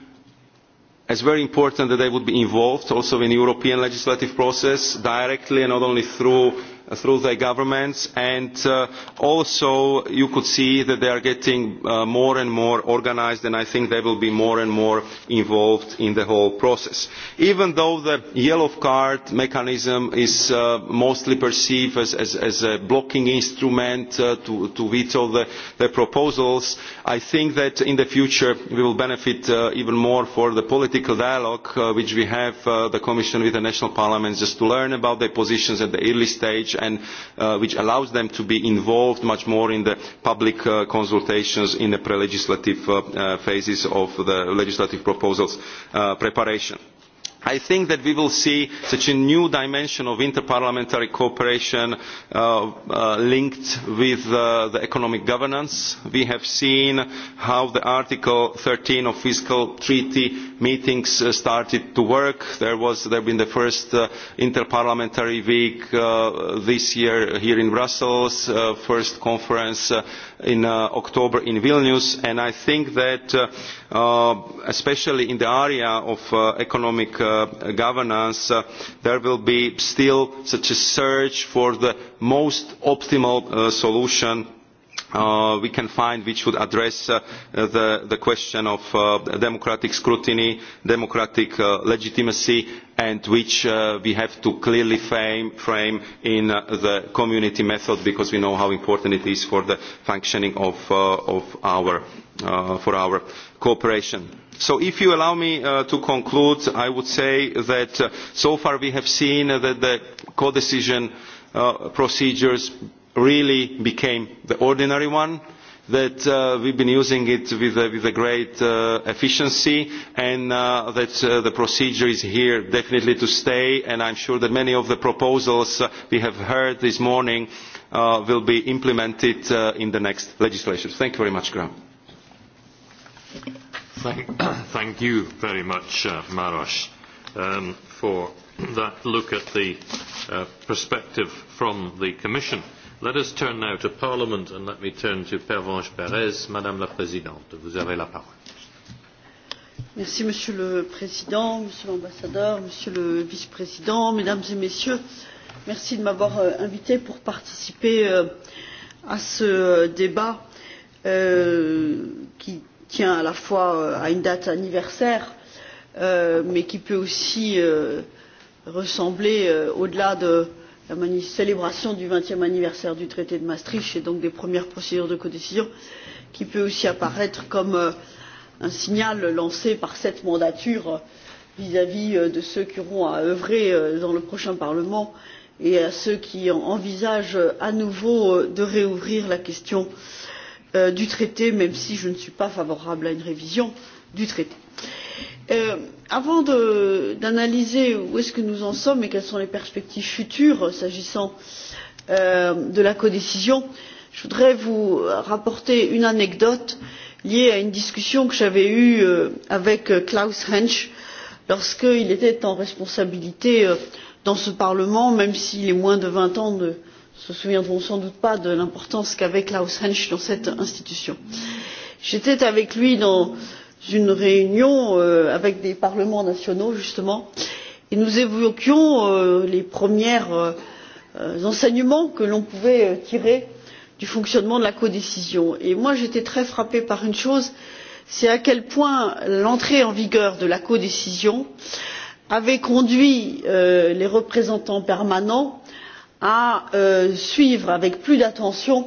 as very important that they would be involved also in the European legislative process directly and not only through through their governments and uh, also you could see that they are getting uh, more and more organised and I think they will be more and more involved in the whole process. Even though the yellow card mechanism is uh, mostly perceived as, a blocking instrument to, veto the, the, proposals, I think that in the future we will benefit even more for the political dialogue which we have the Commission with the national parliaments just to learn about their positions at the early stage and uh, which allows them to be involved much more in the public uh, consultations in the pre-legislative uh, uh, phases of the legislative proposals uh, preparation i think that we will see such a new dimension of interparliamentary cooperation uh, uh, linked with uh, the economic governance. we have seen how the article thirteen of the fiscal treaty meetings uh, started to work. There was there been the first uh, interparliamentary week uh, this year here in Brussels, uh, first conference uh, in uh, October in Vilnius, and I think that uh, uh especially in the area of uh, economic uh, governance, uh, there will be still such a search for the most optimal uh, solution Uh, we can find which would address uh, the, the, question of uh, democratic scrutiny, democratic uh, legitimacy, and which uh, we have to clearly frame, frame in uh, the community method because we know how important it is for the functioning of, of our, for our cooperation. So if you allow me uh, to conclude, I would say that uh, so far we have seen that the codecision uh, procedures really became the ordinary one that uh, we've been using it with, uh, with a great uh, efficiency and uh, that uh, the procedure is here definitely to stay and I'm sure that many of the proposals uh, we have heard this morning uh, will be implemented uh, in the next legislation. Thank you very much, Graham. Thank, thank you very much, uh, Maros, um, for that look at the uh, perspective from the Commission Let us turn now to Parliament and let me turn to Pervenche Perez. Madame la Présidente, vous avez la parole. Monsieur le Président, Monsieur l'Ambassadeur, Monsieur le Vice-président, Mesdames et Messieurs, merci de m'avoir euh, invité pour participer euh, à ce débat euh, qui tient à la fois à une date anniversaire, mais qui peut aussi ressembler, au-delà de la célébration du vingtième anniversaire du traité de maastricht et donc des premières procédures de codécision qui peut aussi apparaître comme euh, un signal lancé par cette mandature vis à vis de ceux qui auront à œuvrer euh, dans le prochain parlement et à ceux qui envisagent euh, à nouveau de rouvrir la question du traité même si je ne suis pas favorable à une révision du traité. Euh, avant d'analyser où est ce que nous en sommes et quelles sont les perspectives futures s'agissant euh, de la codécision je voudrais vous rapporter une anecdote liée à une discussion que j'avais eue euh, avec klaus hensch lorsqu'il était en responsabilité dans ce parlement même si les moins de vingt ans ne se souviendront sans doute pas de l'importance qu'avait klaus hensch dans cette institution. j'étais avec lui dans une réunion euh, avec des parlements nationaux justement et nous évoquions euh, les premiers euh, enseignements que l'on pouvait tirer du fonctionnement de la codécision et moi j'étais très frappée par une chose c'est à quel point l'entrée en vigueur de la codécision avait conduit les représentants permanents à suivre avec plus d'attention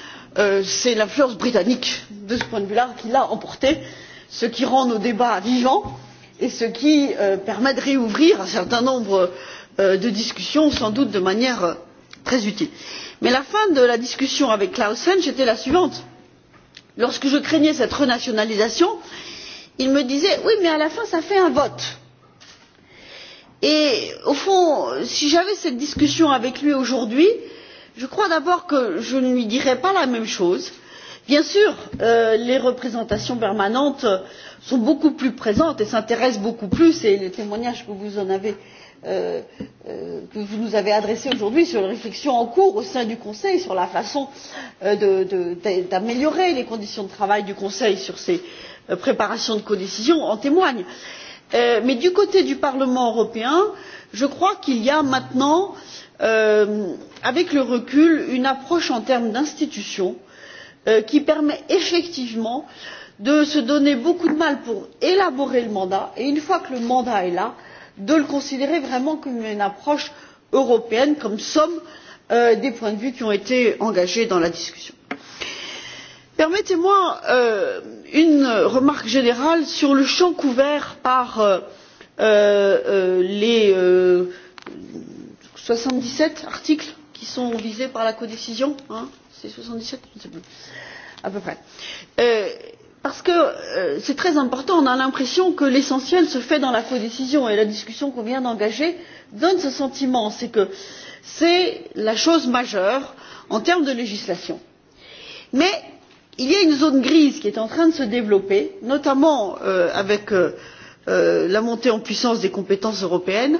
Euh, c'est l'influence britannique de ce point de vue là qui l'a emporté ce qui rend nos débats vivants et ce qui euh, permet de rouvrir un certain nombre euh, de discussions sans doute de manière très utile. mais la fin de la discussion avec klaus clausen était la suivante lorsque je craignais cette renationalisation il me disait oui mais à la fin ça fait un vote. et au fond si j'avais cette discussion avec lui aujourd'hui je crois d'abord que je ne lui dirai pas la même chose. bien sûr euh, les représentations permanentes sont beaucoup plus présentes et s'intéressent beaucoup plus et les témoignages euh, euh, que vous, nous avez adressés aujourd'hui sur les réflexions en cours au sein du conseil sur la façon d'améliorer les conditions de travail du conseil sur ces préparations de codécision en témoignent. mais du côté du parlement européen je crois qu'il y a maintenant euh, Euh, avec le recul une approche en termes d'institutions euh, qui permet effectivement de se donner beaucoup de mal pour élaborer le mandat et une fois que le mandat est là de le considérer vraiment comme une approche européenne comme somme euh, des points de vue qui ont été engagés dans la discussion. permettez moi une remarque générale sur le champ couvert par les soixante dix sept articles qui sont visés par la codécision Hein c'est soixante dix sept je ne sais plus à peu près euh, parce que euh, c'est très important on a l'impression que l'essentiel se fait dans la codécision et la discussion qu'on vient d'engager donne ce sentiment c'est que c'est la chose majeure en termes de législation. mais il y a une zone grise qui est en train de se développer notamment euh, avec euh, euh, la montée en puissance des compétences européennes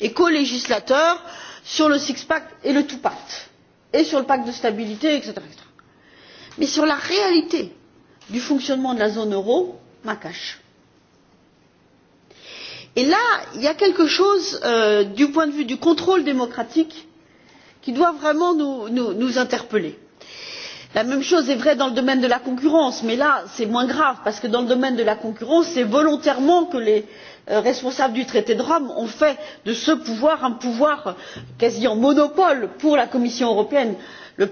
et colégislateur sur le six pack et le two pack et sur le pacte de stabilité etc. mais sur la réalité du fonctionnement de la zone euro macache. et là il y a quelque chose euh, du point de vue du contrôle démocratique qui doit vraiment nous, nous, nous interpeller. la même chose est vraie dans le domaine de la concurrence mais là c'est moins grave parce que dans le domaine de la concurrence c'est volontairement que les Euh, responsables du traité de rome ont fait de ce pouvoir un pouvoir quasi en monopole pour la commission européenne le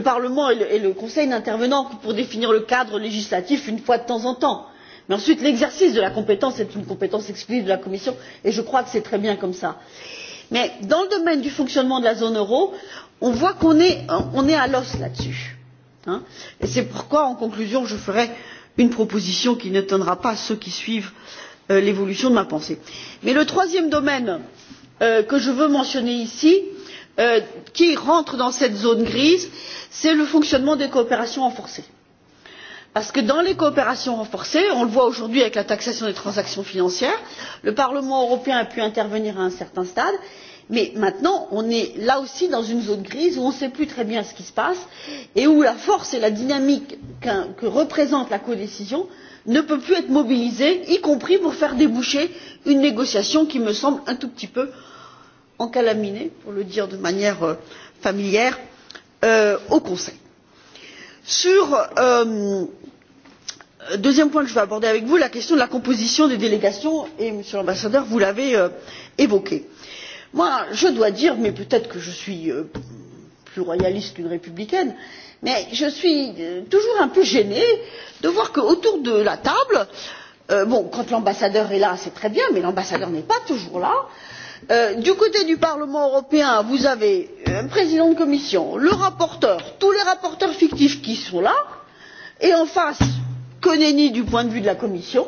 parlement et le conseil n'intervenant que pour définir le cadre législatif une fois de temps en temps mais ensuite l'exercice de la compétence est une compétence exclusive de la commission et je crois que c'est très bien comme cela. mais dans le domaine du fonctionnement de la zone euro on voit qu'on est à l'os là dessus et c'est pourquoi en conclusion je ferai une proposition qui n'étonnera pas ceux qui suivent euh, l'évolution de ma pensée. mais le troisième domaine euh, que je veux mentionner ici euh, qui entre dans cette zone grise c'est le fonctionnement des coopérations renforcées parce que dans les coopérations renforcées on le voit aujourd'hui avec la taxation des transactions financières le parlement européen a pu intervenir à un certain stade mais mais maintenant on est là aussi dans une zone grise où on ne sait plus très bien ce qui se passe et où la force et la dynamique que représente la codécision ne peuvent plus être mobilisées y compris pour faire déboucher une négociation qui me semble un tout petit peu encalaminée pour le dire de manière euh, familière euh, au conseil. sur le euh, deuxième point que je veux aborder avec vous la question de la composition des délégations et monsieur l'ambassadeur vous l'avez évoquée Moi, je dois dire, mais peut-être que je suis euh, plus royaliste qu'une républicaine, mais je suis euh, toujours un peu gênée de voir qu'autour de la table, euh, bon, quand l'ambassadeur est là, c'est très bien, mais l'ambassadeur n'est pas toujours là. du côté du Parlement européen, vous avez un président de commission, le rapporteur, tous les rapporteurs fictifs qui sont là, et en face, Koneni du point de vue de la commission,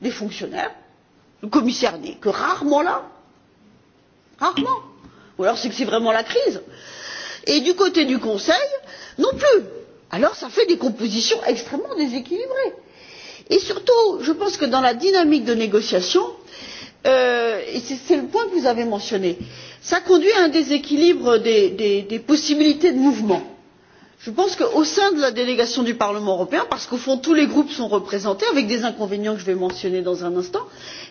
des fonctionnaires, le commissaire n'est que rarement là rarement ou alors c'est que c'est vraiment la crise et du côté du conseil non plus. alors cela fait des compositions extrêmement déséquilibrées. et surtout je pense que dans la dynamique de négociation euh, et c'est le point que vous avez mentionné cela conduit à un déséquilibre des, des, des possibilités de mouvement je pense qu'au sein de la délégation du parlement européen parce qu'au fond tous les groupes sont représentés avec des inconvénients que je vais mentionner dans un instant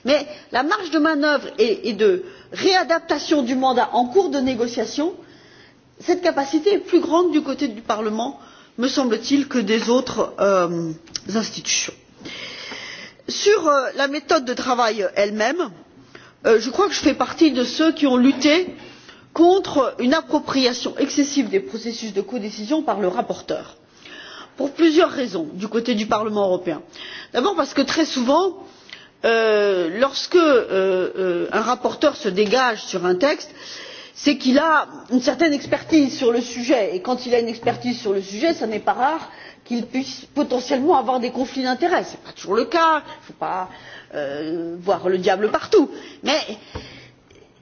la marge de manœuvre et de réadaptation du mandat en cours de négociation cette capacité est plus grande du côté du parlement me semble t il que des autres euh, institutions. sur euh, la méthode de travail elle même euh, je crois que je fais partie de ceux qui ont lutté contre une appropriation excessive des processus de codécision par le rapporteur pour plusieurs raisons du côté du parlement européen. d'abord parce que très souvent euh, lorsqu'un euh, euh, rapporteur se dégage sur un texte c'est qu'il a une certaine expertise sur le sujet et quand il a une expertise sur le sujet il n'est pas rare qu'il puisse potentiellement avoir des conflits d'intérêts. ce n'est pas toujours le cas il ne faut pas voir le diable partout mais il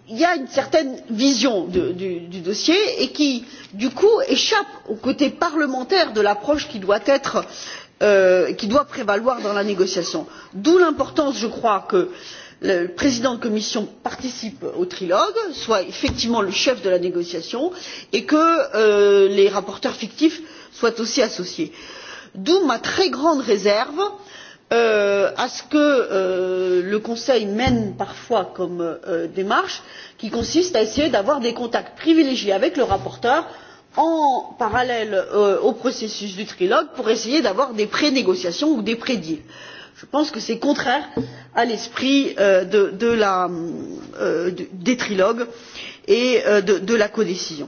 y a une certaine vision du, dossier qui du coup échappe au côté parlementaire de l'approche euh, qui doit prévaloir dans la négociation d'où l'importance je crois que le président de la commission participe au trilogue soit effectivement le chef de la négociation et que euh, les rapporteurs fictifs soient aussi associés d'où ma très grande réserve sur Euh, à ce que euh, le conseil mène parfois comme euh, démarche qui consiste à essayer d'avoir des contacts privilégiés avec le rapporteur en parallèle au processus du trilogue pour essayer d'avoir des prénégociations ou des prédeals. je pense que c'est contraire à l'esprit des trilogues et de la codécision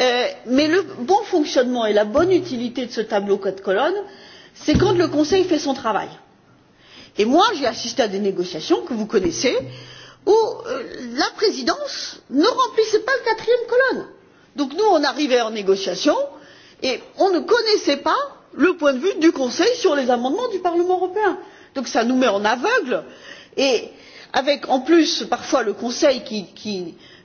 Euh, mais le bon fonctionnement et la bonne utilité de ce tableau quatre colonnes c'est quand le conseil fait son travail. et moi j'ai assisté à des négociations que vous connaissez où euh, la présidence ne remplissait pas la quatrième colonne. donc nous on arrivait en négociation et on ne connaissait pas le point de vue du conseil sur les amendements du parlement européen. donc cela nous met en aveugle et avec en plus parfois le conseil qui, qui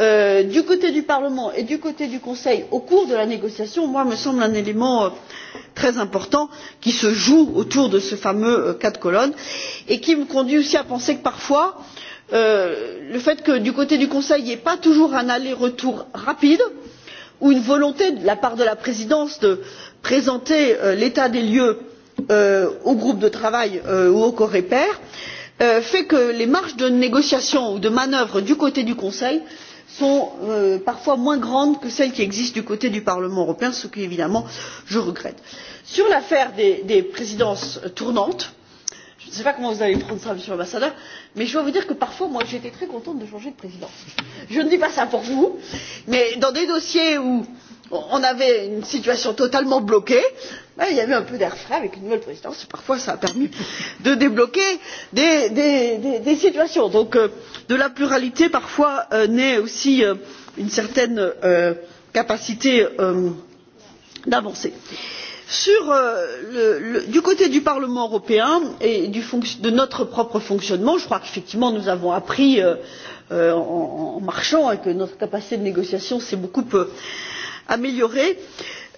Euh, du côté du parlement et du côté du conseil au cours de la négociation me semble un élément euh, très important qui se joue autour de ce fameux quatre euh, colonnes et qui me conduit aussi à penser que parfois le fait que du côté du conseil il n'y ait pas toujours un aller retour rapide ou une volonté de la part de la présidence de présenter l'état des lieux au groupe de travail ou au coreper fait que les marges de négociation ou de manœuvre du côté du conseil sont euh, parfois moins grandes que celles qui existent du côté du parlement européen ce que évidemment je regrette. sur l'affaire des présidences tournantes je ne sais pas comment vous allez prendre cela monsieur l'ambassadeur mais je dois vous dire que parfois j'ai été très contente de changer de présidence. je ne dis pas cela pour vous mais dans des dossiers où on avait une situation totalement bloquée il y a eu un peu d'air frais avec une nouvelle présidence et parfois cela a permis de débloquer des, des, des, des situations. donc euh, de la pluralité parfois euh, naît aussi euh, une certaine capacité d'avancer. Sur du côté du parlement européen et du, de notre propre fonctionnement je crois qu'effectivement nous avons appris en, en marchant et que notre capacité de négociation s'est beaucoup améliorée améliorée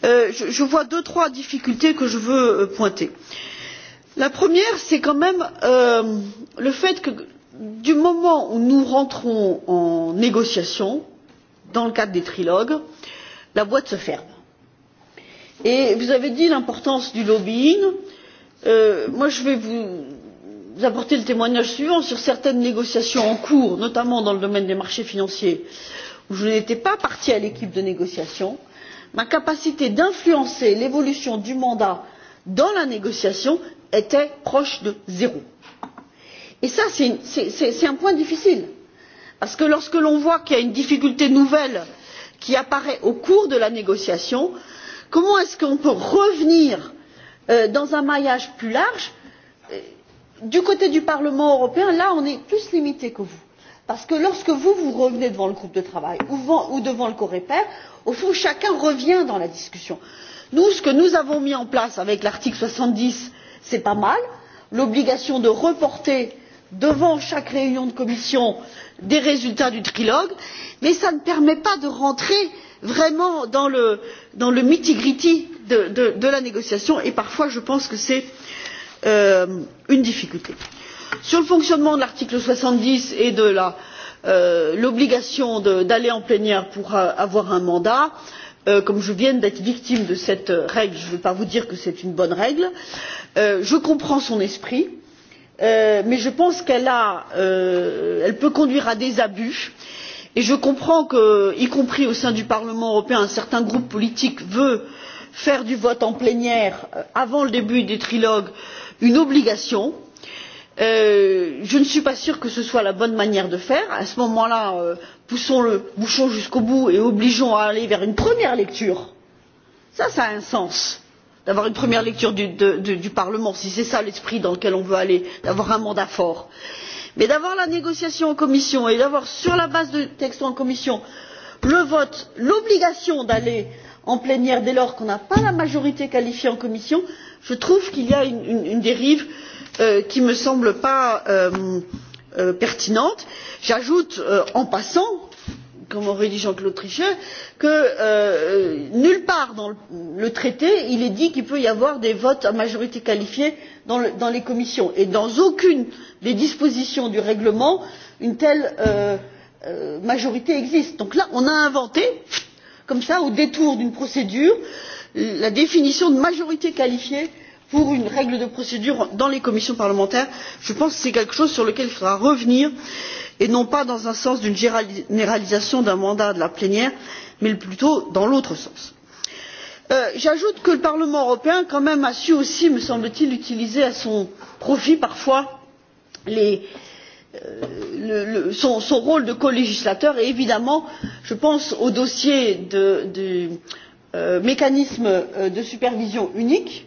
euh, je vois deux trois difficultés que je veux euh, pointer. la première c'est quand même euh, le fait que du moment où nous rentrons en négociation dans le cadre des trilogues la boîte se ferme. Et vous avez dit l'importance du lobbying. moi, je vais vous apporter le témoignage suivant sur certaines négociations en cours notamment dans le domaine des marchés financiers je n'étais pas partie à l'équipe de négociation ma capacité d'influencer l'évolution du mandat dans la négociation était proche de zéro. et ça c'est un point difficile parce que lorsque l'on voit qu'il y a une difficulté nouvelle qui apparaît au cours de la négociation comment est ce qu'on peut revenir euh, dans un maillage plus large? Euh, du côté du parlement européen là on est plus limité que vous parce que lorsque vous vous revenez devant le groupe de travail ou devant le coreper au fond chacun revient dans la discussion. nous ce que nous avons mis en place avec l'article soixante dix c'est pas mal l'obligation de reporter devant chaque réunion de commission des résultats du trilogue mais cela ne permet pas d'entrer vraiment dans le, dans le nitty gritty de, de, de la négociation et parfois je pense que c'est euh, une difficulté sur le fonctionnement de l'article soixante dix et de euh, l'obligation d'aller en plénière pour euh, avoir un mandat euh, comme je viens d'être victime de cette règle je ne vais pas vous dire que c'est une bonne règle je comprends son esprit mais je pense qu'elle peut conduire à des abus et je comprends qu'y compris au sein du parlement européen un certain groupe politique veuille faire du vote en plénière avant le début des trilogues une obligation. Euh, je ne suis pas sûre que ce soit la bonne manière de faire. à ce moment là euh, poussons le bouchon jusqu'au bout et obligeons à aller vers une première lecture. cela a un sens d'avoir une première lecture du, parlement si c'est cela l'esprit dans lequel on veut aller d'avoir un mandat fort. mais d'avoir la négociation en commission et d'avoir sur la base du texte en commission le vote l'obligation d'aller en plénière dès lors qu'on n'a pas la majorité qualifiée en commission je trouve qu'il y a une dérive qui Euh, qui ne me semble pas euh, euh, pertinente. j'ajoute en passant comme aurait dit jean claude trichet que nulle part dans le traité il est dit qu'il peut y avoir des votes à majorité qualifiée dans, les commissions et dans aucune des dispositions du règlement une telle majorité n'existe. donc là on a inventé comme cela au détour d'une procédure la définition de majorité qualifiée pour une règle de procédure dans les commissions parlementaires je pense que c'est quelque chose sur lequel il faudra revenir et non pas dans un sens d'une généralisation d'un mandat de la plénière mais plutôt dans l'autre sens. Euh, j'ajoute que le parlement européen quand même a su aussi me semble t il utiliser à son profit parfois euh, son, rôle de colégislateur et évidemment je pense au dossier du euh, mécanisme de supervision unique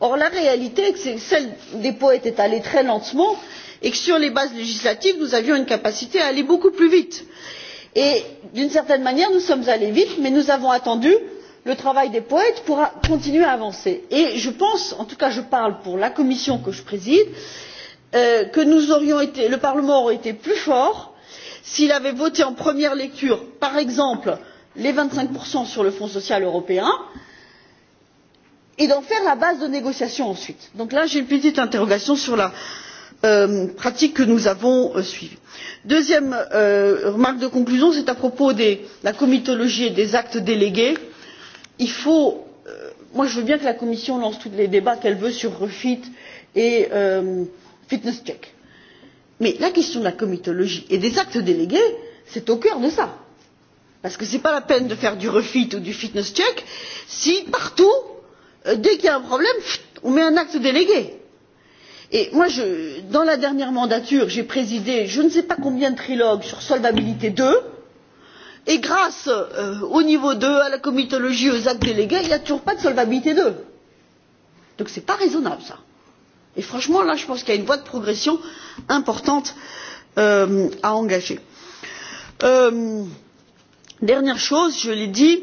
or la réalité est que celle des poètes est allée très lentement et que sur les bases législatives nous avions une capacité à aller beaucoup plus vite. et d'une certaine manière nous sommes allés vite mais nous avons attendu le travail des poètes pour continuer à avancer. et je pense en tout cas je parle pour la commission que je préside euh, que le parlement aurait été plus fort s'il avait voté en première lecture par exemple les vingt cinq sur le fonds social européen et et d'en faire la base de négociation ensuite. donc là j'ai une petite interrogation sur la euh, pratique que nous avons euh, suivie. deuxième euh, remarque de conclusion c'est à propos de la comitologie et des actes délégués. il faut euh, moi je veux bien que la commission lance tous les débats qu'elle veut sur refit et euh, fitness check mais la question de la comitologie et des actes délégués c'est au cœur de cela parce que ce n'est pas la peine de faire du refit ou du fitness check si partout Euh, dès qu'il y a un problème on met un acte délégué. Moi, je, dans la dernière mandature j'ai présidé je ne sais pas combien de trilogues sur solvabilité ii et grâce euh, au niveau ii à la comitologie aux actes délégués il n'y a toujours pas de solvabilité ii. donc ce n'est pas raisonnable ça. et franchement là je pense qu'il y a une voie de progression importante euh, à engager. Euh, dernière chose je l'ai dit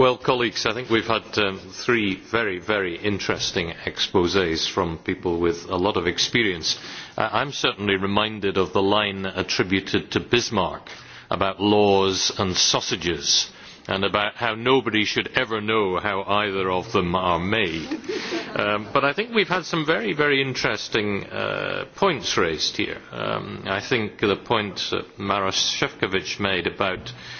Well, colleagues, I think we've had um, three very, very interesting exposés from people with a lot of experience. Uh, I'm certainly reminded of the line attributed to Bismarck about laws and sausages and about how nobody should ever know how either of them are made. Um, but I think we've had some very, very interesting uh, points raised here. Um, I think the point that Maros Shevkovich made about uh,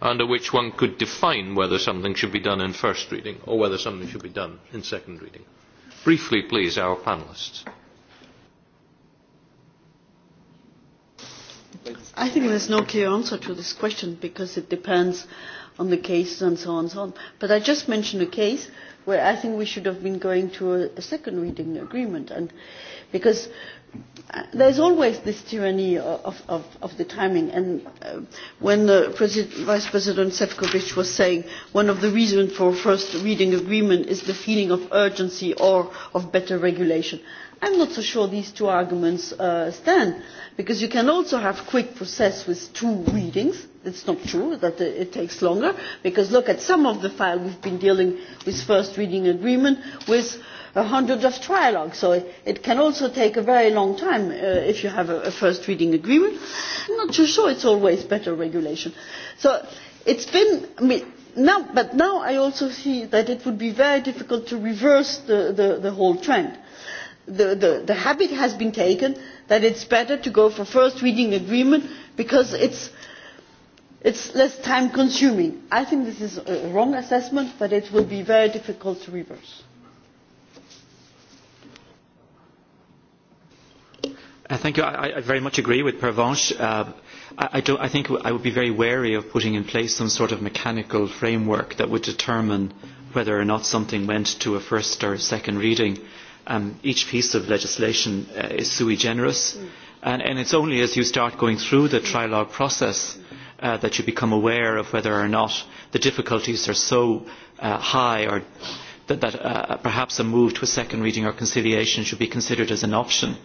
under which one could define whether something should be done in first reading or whether something should be done in second reading. Briefly, please, our panellists. I think there's no clear answer to this question because it depends on the cases and so on and so on. But I just mentioned a case where I think we should have been going to a, a second reading agreement, and because Uh, there's always this tyranny of, of, of the timing. And uh, when uh, President, Vice President Sefcovic was saying one of the reasons for first reading agreement is the feeling of urgency or of better regulation, i am not so sure these two arguments uh, stand because you can also have a quick process with two readings it is not true that it takes longer because look at some of the files we have been dealing with first reading agreement with hundreds of trialogues so it can also take a very long time uh, if you have a, first reading agreement. i am not so sure it is always better regulation. so it has been I mean, now, but now i also see that it would be very difficult to reverse the, the, the whole trend the, the, habit has been taken that it is better to go for first reading agreement because it is less time consuming. i think this is a wrong assessment but it will be very difficult to reverse. Uh, thank you. I, I very much agree with Pervenche. Uh, I, I, don't, I think I would be very wary of putting in place some sort of mechanical framework that would determine whether or not something went to a first or a second reading um, each piece of legislation uh, is sui generis. And, and it's only as you start going through the trilogue process uh, that you become aware of whether or not the difficulties are so uh, high or that, that uh, perhaps a move to a second reading or conciliation should be considered as an option.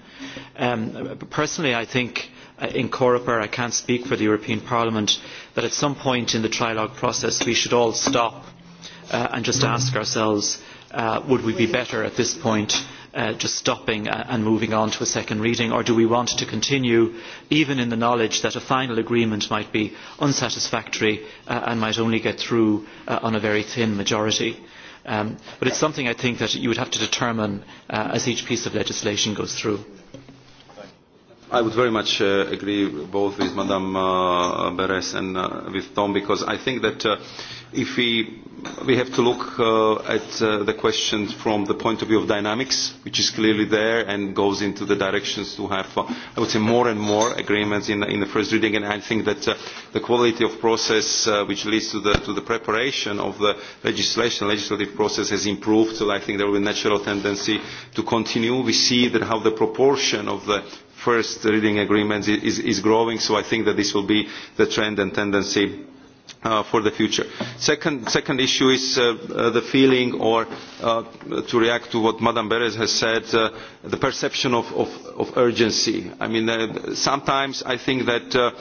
Um, personally, I think uh, in Coreper, I can't speak for the European Parliament, that at some point in the trilogue process we should all stop uh, and just ask ourselves Uh, would we be better at this point uh, just stopping and moving on to a second reading, or do we want to continue, even in the knowledge that a final agreement might be unsatisfactory uh, and might only get through uh, on a very thin majority? Um, but it's something I think that you would have to determine uh, as each piece of legislation goes through. I would very much uh, agree both with Madame uh, Beres and uh, with Tom because I think that uh, if we, we have to look uh, at uh, the question from the point of view of dynamics, which is clearly there and goes into the directions to have, uh, I would say, more and more agreements in, in the first reading. And I think that uh, the quality of process uh, which leads to the, to the preparation of the legislation, legislative process has improved. So I think there will be a natural tendency to continue. We see that how the proportion of the first reading agreements is, is growing so i think that this will be the trend and tendency Uh, for the future. Second, second issue is uh, uh, the feeling or uh, to react to what Madame Beres has said, uh, the perception of, of, of, urgency. I mean, uh, sometimes I think that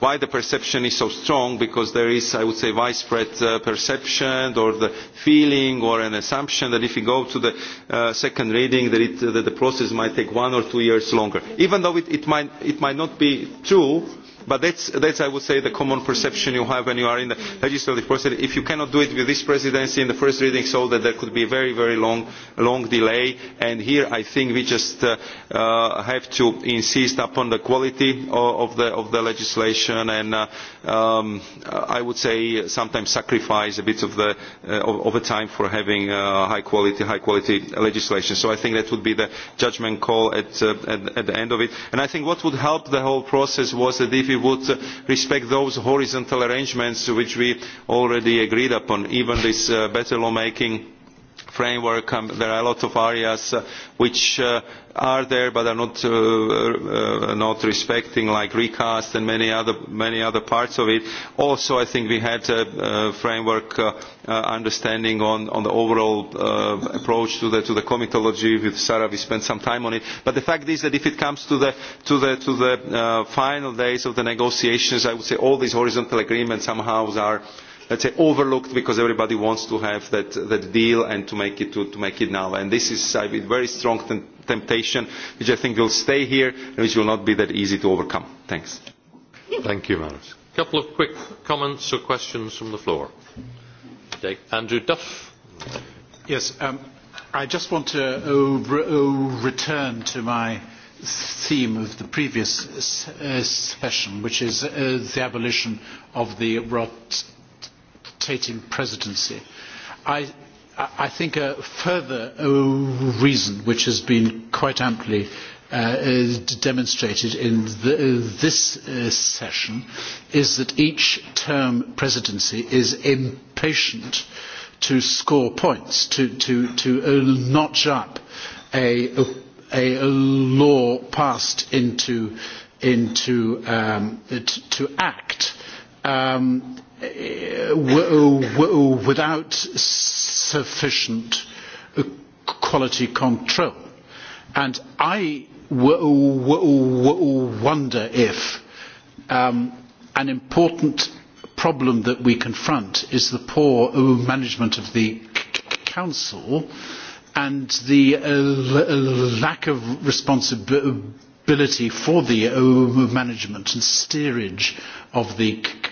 why the perception is so strong, because there is, I would say, widespread perception or the feeling or an assumption that if we go to the second reading, that, it, that, the process might take one or two years longer. Even though it, it, might, it might not be true, but that's, that's i would say the common perception you have when you are in the legislative process if you cannot do it with this presidency in the first reading so that there could be a very very long, long delay and here i think we just uh, uh, have to insist upon the quality of, of, the, of the legislation and uh, um, i would say sometimes sacrifice a bit of the uh, of, of a time for having uh, high quality high quality legislation so i think that would be the judgment call at, uh, at, at the end of it and i think what would help the whole process was that if we would uh, respect those horizontal arrangements which we already agreed upon even this uh, better lawmaking framework. Um, there are a lot of areas uh, which uh, are there but are not, uh, not respecting, like recast and many other, many other parts of it. Also, I think we had a, a framework understanding on, on the overall approach to the, to the comitology. With Sarah, we spent some time on it. But the fact is that if it comes to the, to the, to the final days of the negotiations, I would say all these horizontal agreements somehow are let's say, overlooked because everybody wants to have that, that deal and to make, it, to, to make it now. And this is a very strong temptation, which I think will stay here and which will not be that easy to overcome. Thanks. Thank you, Maris. A couple of quick comments or questions from the floor. Andrew Duff. Yes, um, I just want to uh, re uh, return to my theme of the previous uh, session, which is uh, the abolition of the rot rotating presidency. I, I think a further reason, which has been quite amply uh, demonstrated in the, this uh, session, is that each term presidency is impatient to score points, to, to, to uh, notch up a, a, law passed into, into um, to, act. Um, without sufficient quality control. And I wonder if um, an important problem that we confront is the poor uh, management of the council and the uh, uh, lack of responsibility for the uh, management and steerage of the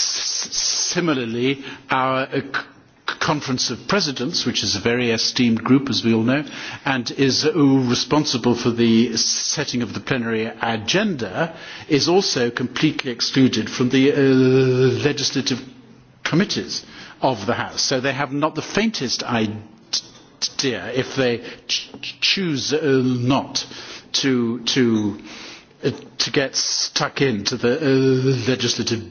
similarly, our uh, Conference of Presidents, which is a very esteemed group, as we all know, and is uh, responsible for the setting of the plenary agenda, is also completely excluded from the uh, legislative committees of the House. So they have not the faintest idea, if they ch choose uh, not to, to, uh, to get stuck into the legislative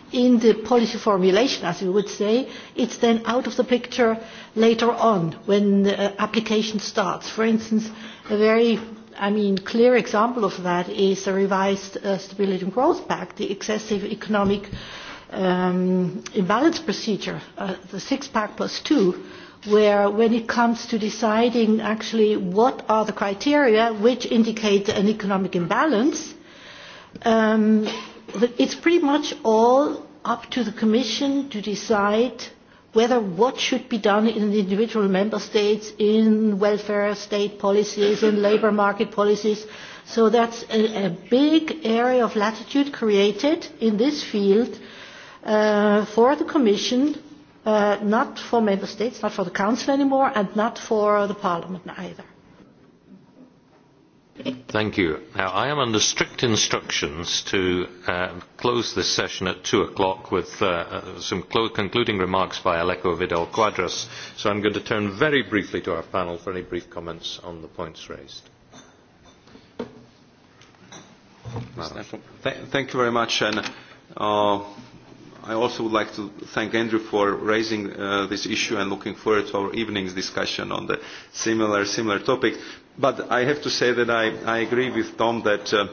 in the policy formulation, as we would say, it's then out of the picture later on when the uh, application starts. For instance, a very I mean, clear example of that is the revised uh, Stability and Growth Pact, the excessive economic um, imbalance procedure, uh, the six pack plus two, where when it comes to deciding actually what are the criteria which indicate an economic imbalance, um, it's pretty much all up to the Commission to decide whether what should be done in the individual member states in welfare state policies, and labour market policies. So that's a, a big area of latitude created in this field uh, for the Commission, uh, not for member states, not for the Council anymore, and not for the Parliament either. Thank you. Now, I am under strict instructions to uh, close this session at 2 o'clock with uh, uh some concluding remarks by Aleko Vidal Quadras, so I'm going to turn very briefly to our panel for any brief comments on the points raised. Thank you very much. And, uh, I also would like to thank Andrew for raising uh, this issue and looking forward to our evening's discussion on the similar, similar topic. But I have to say that I, I agree with Tom that uh,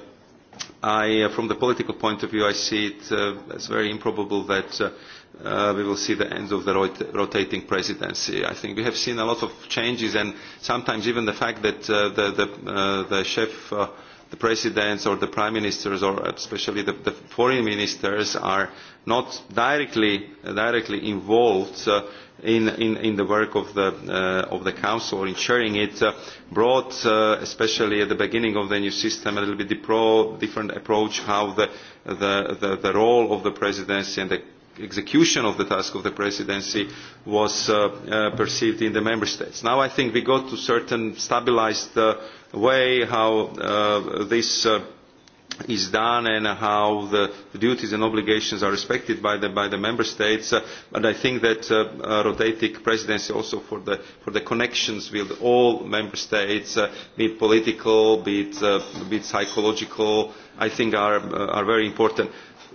I, uh, from the political point of view, I see it uh, as very improbable that uh, uh, we will see the end of the rot rotating presidency. I think we have seen a lot of changes and sometimes even the fact that uh, the, the, uh, the chef, uh, the presidents or the prime ministers or especially the, the foreign ministers are not directly, directly involved uh, in, in, in the work of the, uh, of the Council or in sharing it, uh, brought, uh, especially at the beginning of the new system, a little bit different approach how the, the, the, the role of the Presidency and the execution of the task of the Presidency was uh, uh, perceived in the Member States. Now I think we got to certain stabilized uh, way how uh, this uh, is done and how the, the duties and obligations are respected by the, by the member states. Uh, I think that uh, uh, rotating presidency also for the, for the connections with all member states, uh, be it political, be it, uh, be it psychological, I think are, uh, are very important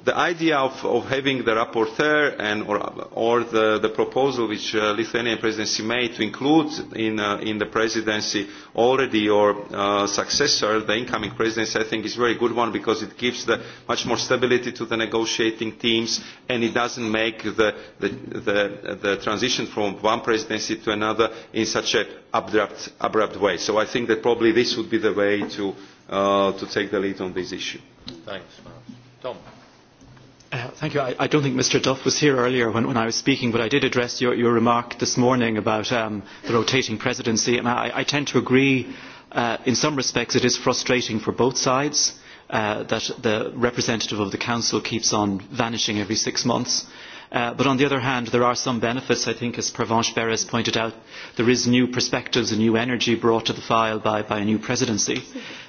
the idea of, of having the rapporteur and or, or the, the proposal which uh, Lithuanian presidency made to include in, uh, in the presidency already your uh, successor, the incoming presidency, I think is a very good one because it gives the much more stability to the negotiating teams and it doesn't make the, the, the, the transition from one presidency to another in such an abrupt, abrupt way. So I think that probably this would be the way to, uh, to take the lead on this issue. Thanks, Tom. Uh, thank you. I, I don't think Mr Duff was here earlier when, when I was speaking, but I did address your, your remark this morning about um, the rotating presidency, and I, I tend to agree uh, in some respects it is frustrating for both sides uh, that the representative of the Council keeps on vanishing every six months. Uh, Uh, but on the other hand, there are some benefits, I think, as Pervenche Beres pointed out. There is new perspectives and new energy brought to the file by, by a new presidency.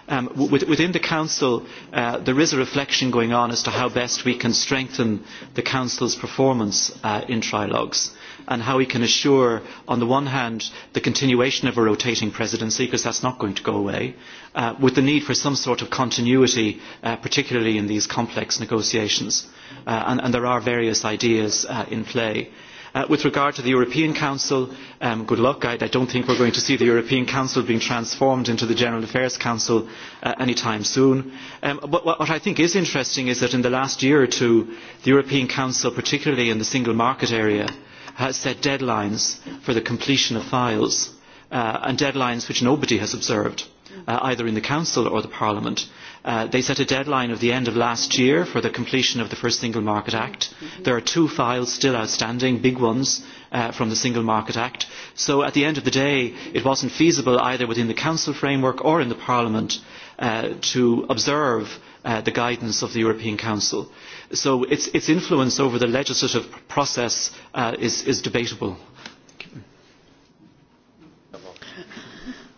Um, with, within the Council, uh, there is a reflection going on as to how best we can strengthen the Council's performance uh, in trilogues. Uh, and how we can assure, on the one hand, the continuation of a rotating presidency, because that's not going to go away, uh, with the need for some sort of continuity, uh, particularly in these complex negotiations. Uh, and, and, there are various ideas uh, in play. Uh, with regard to the european council um, good luck i, I do not think we are going to see the european council being transformed into the general affairs council uh, any time soon um, but what i think is interesting is that in the last year or two the european council particularly in the single market area has uh, set deadlines for the completion of files uh, and deadlines which nobody has observed, uh, either in the Council or the Parliament. Uh, they set a deadline of the end of last year for the completion of the first Single Market Act. There are two files still outstanding, big ones, uh, from the Single Market Act. So at the end of the day, it wasn't feasible either within the Council framework or in the Parliament Uh, to observe uh, the guidance of the European Council. So its, its influence over the legislative process uh, is, is debatable.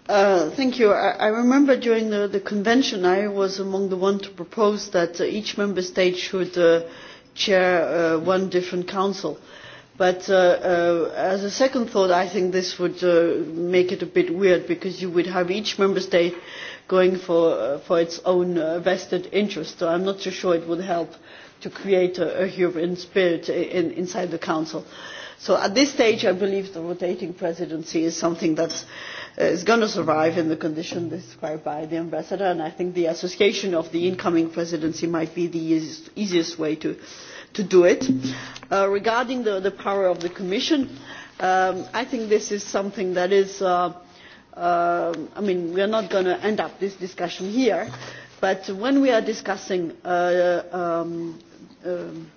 Uh, thank you. I, I remember during the, the convention I was among the ones to propose that uh, each member state should uh, chair uh, one different council. But uh, uh, as a second thought, I think this would uh, make it a bit weird because you would have each member state uh, going for, uh, for its own uh, vested interest. So I'm not so sure it would help to create a, a human spirit in, inside the Council. So at this stage, I believe the rotating presidency is something that uh, is going to survive in the condition described by the ambassador, and I think the association of the incoming presidency might be the easiest, easiest way to, to do it. Uh, regarding the, the power of the Commission, um, I think this is something that is uh, Uh, I mean, we are not going to end up this discussion here, but when we are discussing uh, um, um,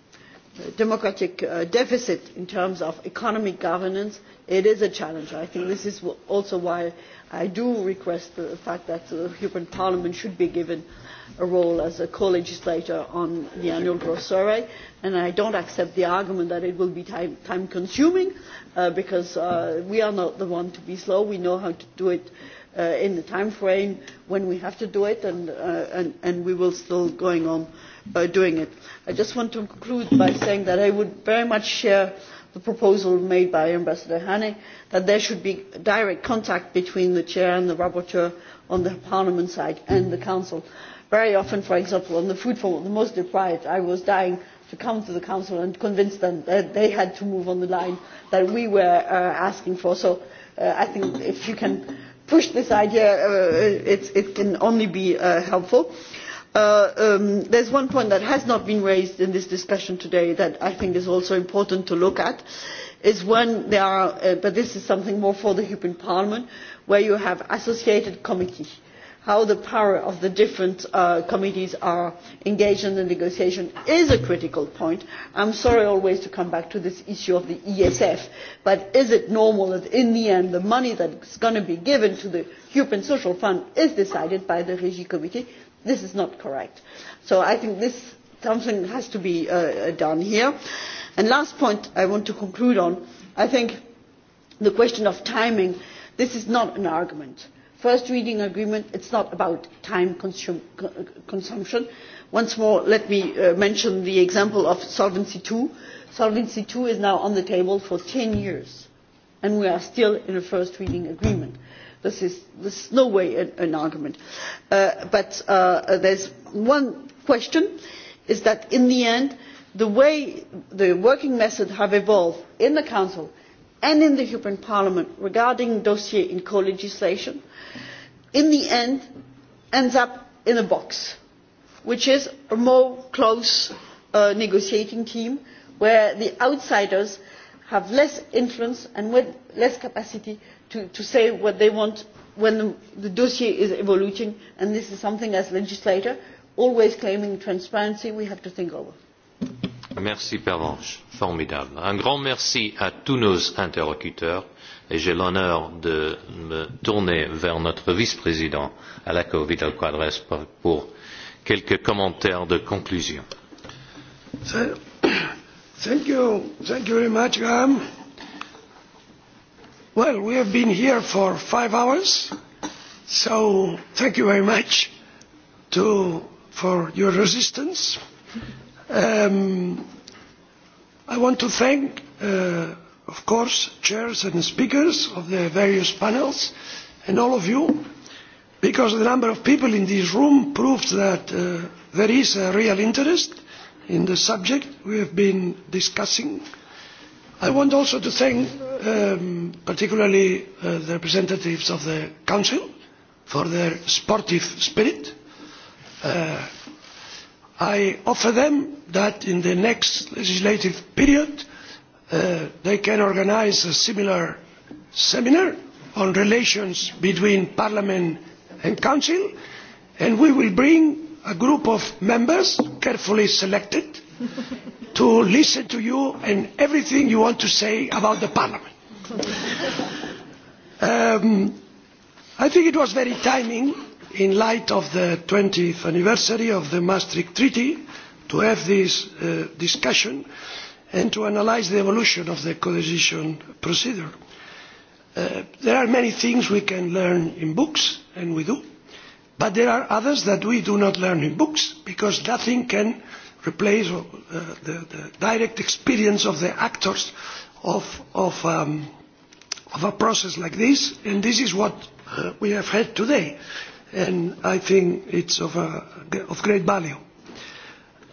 democratic uh, deficit in terms of economic governance, it is a challenge. I think this is also why I do request the fact that the European Parliament should be given uh, a role as a co-legislator on the annual growth survey and I don't accept the argument that it will be time, time consuming uh, because uh, we are not the one to be slow. We know how to do it uh, in the time frame when we have to do it and, uh, and, and we will still going on uh, doing it. I just want to conclude by saying that I would very much share the proposal made by Ambassador Hannay that there should be direct contact between the chair and the rapporteur on the parliament side and the council. Uh, very often for example on the food for the most deprived i was dying to come to the council and convince them that they had to move on the line that we were uh, asking for. so uh, i think if you can push this idea uh, it, it can only be uh, helpful. Uh, um, there is one point that has not been raised in this discussion today that i think is also important to look at is when there are uh, but this is something more for the european parliament where you have associated committees how the power of the different uh, committees are engaged in the negotiation is a critical point. i am sorry always to come back to this issue of the esf but is it normal that in the end the money that is going to be given to the european social fund is decided by the regi committee? this is not correct. so i think this something has to be uh, uh, done here. and last point i want to conclude on i think the question of timing this is not an argument first reading agreement it is not about time uh, consumption. once more let me uh, mention the example of solvency ii. solvency ii is now on the table for ten years and we are still in a first reading agreement. this is, this is no way an, an argument. Uh, but uh, there is one question is that in the end the way the working methods have evolved in the council and in the european parliament regarding dossiers in co legislation in the end ends up in a box which is a more close uh, negotiating team where the outsiders have less influence and less capacity to, say what they want when the, the dossier is evolving and this is something as legislators always claiming transparency we have to think over. Merci Pervenche, formidable. Un grand merci à tous nos interlocuteurs et j'ai l'honneur de me tourner vers notre vice-président Alaco Vidal Quadres pour quelques commentaires de conclusion. Thank you. Thank you very much, Graham. Well, we have been here for five hours, so thank you very much to, for your resistance Um, i want to thank uh, of course the chairs and speakers of the various panels and all of you because the number of people in this room proves that uh, there is a real interest in the subject we have been discussing. i want also to thank um, particularly uh, the representatives of the council for their sportive spirit i offer them that in the next legislative period uh, they can organise a similar seminar on relations between parliament and council and we will bring a group of members carefully selected to listen to you and everything you want to say about parliament. Um, i think it was very timely in light of the twentieth anniversary of the maastricht treaty to have this uh, discussion and to analyse the evolution of the codecision procedure. Uh, there are many things we can learn in books and we do but there are others that we do not learn in books because nothing can replace uh, the, direct experience of the actors um, of a process like this and this is what we have had today and I think it's of, of great value.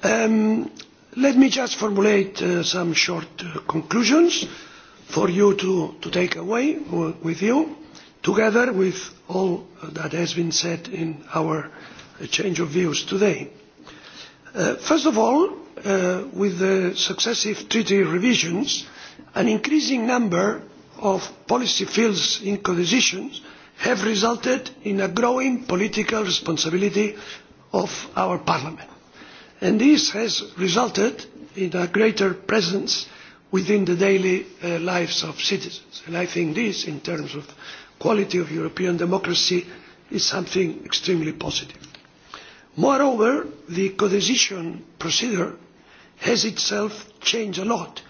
Um, let me just formulate uh, some short uh, conclusions for you to, take away with you, together with all that has been said in our exchange uh, of views today. first of all, with the successive treaty revisions, an increasing number of policy fields in codecision have resulted in a growing political responsibility of our parliament and this has resulted in a greater presence within the daily uh, lives of citizens and i think this in terms of quality of european democracy is something extremely positive. moreover the codecision procedure has itself changed a lot.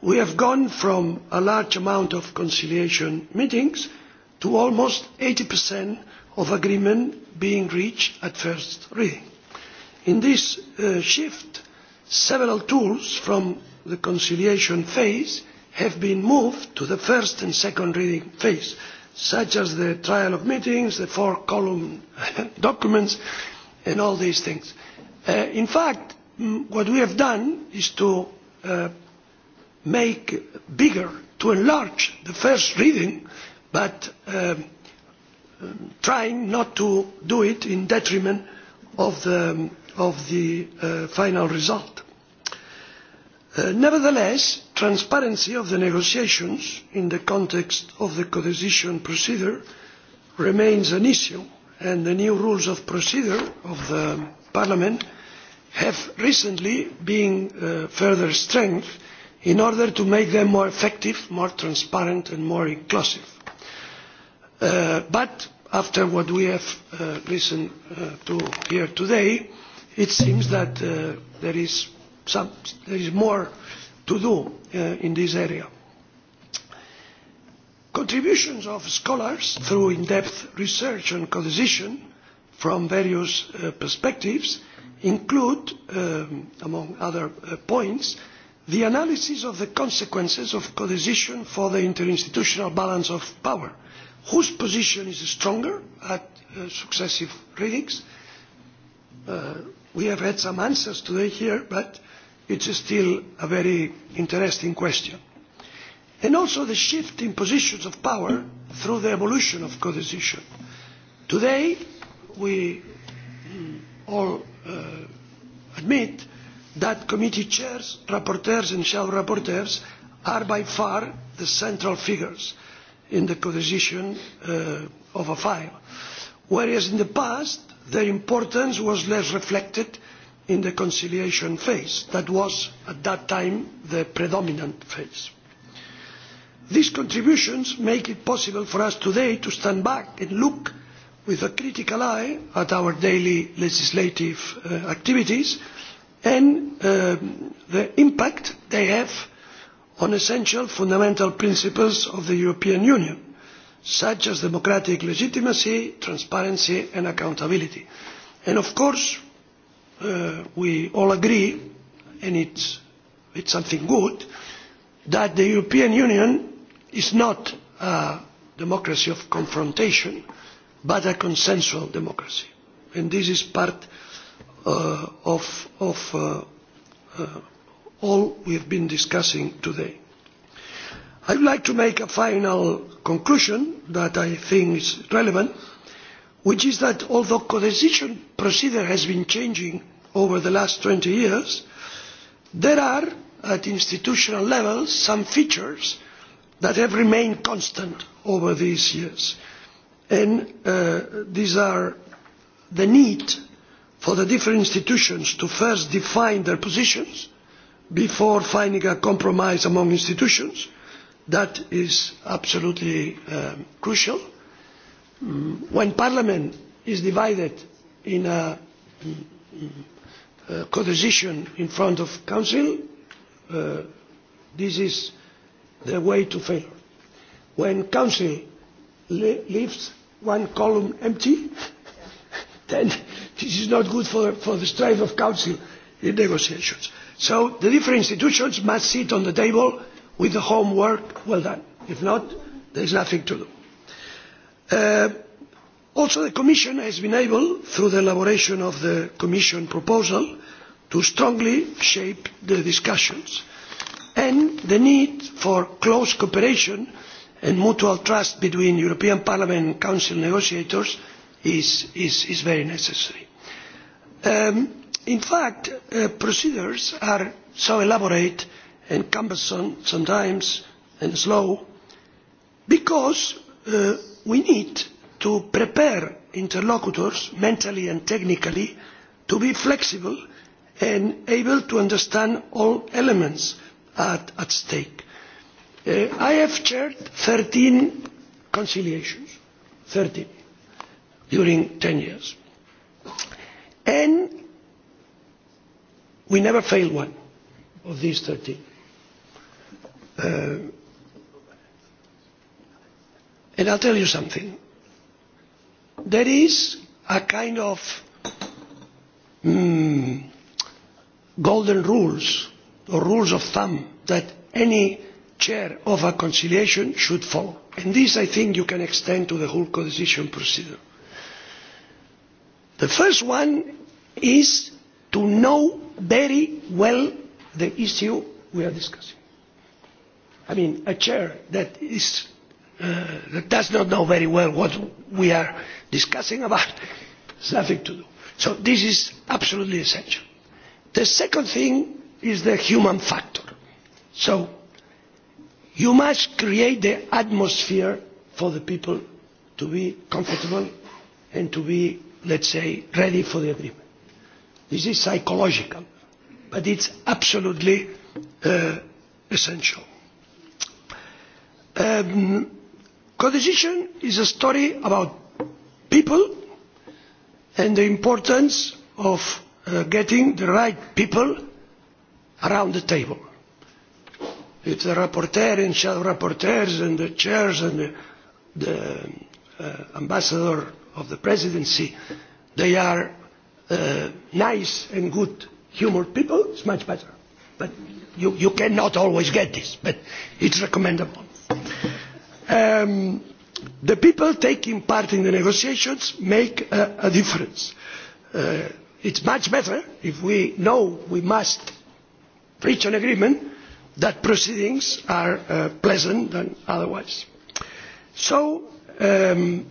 we have gone from a large amount of conciliation meetings to almost 80% of agreement being reached at first reading. In this uh, shift, several tools from the conciliation phase have been moved to the first and second reading phase, such as the trial of meetings, the four-column documents, and all these things. Uh, in fact, mm, what we have done is to uh, make bigger, to enlarge the first reading uh, but um, trying not to do it in detriment of the, uh, final result. Uh, nevertheless, transparency of the negotiations in the context of the codecision procedure remains an issue and the new rules of procedure of the parliament have recently been uh, further strengthened in order to make them more effective more transparent and more inclusive Uh, but after what we have uh, listened uh, to here today it seems that there is, more to do in this area contributions of scholars through in depth research and codecision from various perspectives include um, among other points the analysis of the consequences of codecision for the interinstitutional balance of power whose position is stronger at uh, successive readings. Uh, we have had some answers today here, but it's still a very interesting question. And also the shift in positions of power through the evolution of codecision. Today, we mm, all uh, admit that committee chairs, rapporteurs and shadow rapporteurs are by far the central figures in the codecision uh, of a file whereas in the past their importance was less reflected in the conciliation phase that was at that time the predominant phase. these contributions make it possible for us today to stand back and look with a critical eye at our daily legislative uh, activities and um, the impact they have on essential fundamental principles of the european union such as democratic legitimacy transparency and accountability. and of course uh, we all agree and it is something good that the european union is not a democracy of confrontation but a consensual democracy and this is part uh, of, uh, all we have been discussing today. i would like to make a final conclusion that i think is relevant which is that although codecision procedure has been changing over the last twenty years there are at institutional level some features that have remained constant over these years and uh, these are the need for the different institutions to first define their positions before finding a compromise among institutions. That is absolutely um, crucial. Mm, when Parliament is divided in a, mm, mm, codecision in front of Council, uh, this is the way to failure. When Council leaves one column empty, then this is not good for, for the strength of Council in negotiations so the different institutions must sit on the table with the homework well done. if not there is nothing to do. Uh, also the commission has been able through the elaboration of the commission proposal to strongly shape the discussions and the need for close cooperation and mutual trust between european parliament and council negotiators is, very necessary. Um, in fact uh, procedures are so elaborate and cumbersome sometimes and slow because uh, we need to prepare interlocutors mentally and technically to be flexible and able to understand all elements at, stake. Uh, i have chaired thirteen conciliations thirteen during ten years We never failed one of these 13. Uh, and I'll tell you something. There is a kind of mm, golden rules or rules of thumb that any chair of a conciliation should follow. And this, I think, you can extend to the whole co-decision procedure. The first one is to know very well the issue we are discussing. I mean, a chair that, is, uh, that does not know very well what we are discussing about has nothing to do. So this is absolutely essential. The second thing is the human factor. So you must create the atmosphere for the people to be comfortable and to be, let's say, ready for the agreement This is psychological, but it's absolutely uh, essential. Um, co is a story about people and the importance of uh, getting the right people around the table. If the rapporteur and shadow rapporteurs and the chairs and the, the uh, ambassador of the presidency, they are uh, nice and good humored people, it's much better. But you, you cannot always get this, but it's recommendable. Um, the people taking part in the negotiations make a, a difference. Uh, it's much better if we know we must reach an agreement that proceedings are uh, pleasant than otherwise. So, um,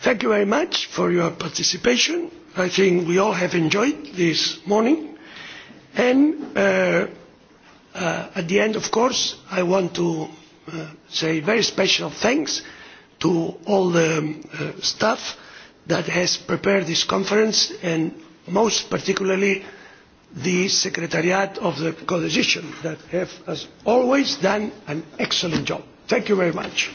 thank you very much for your participation i think we all have enjoyed this morning and uh, uh, at the end of course i want to uh, say very special thanks to all the um, uh, staff that has prepared this conference and most particularly the secretariat of the coalition that have as always done an excellent job. thank you very much.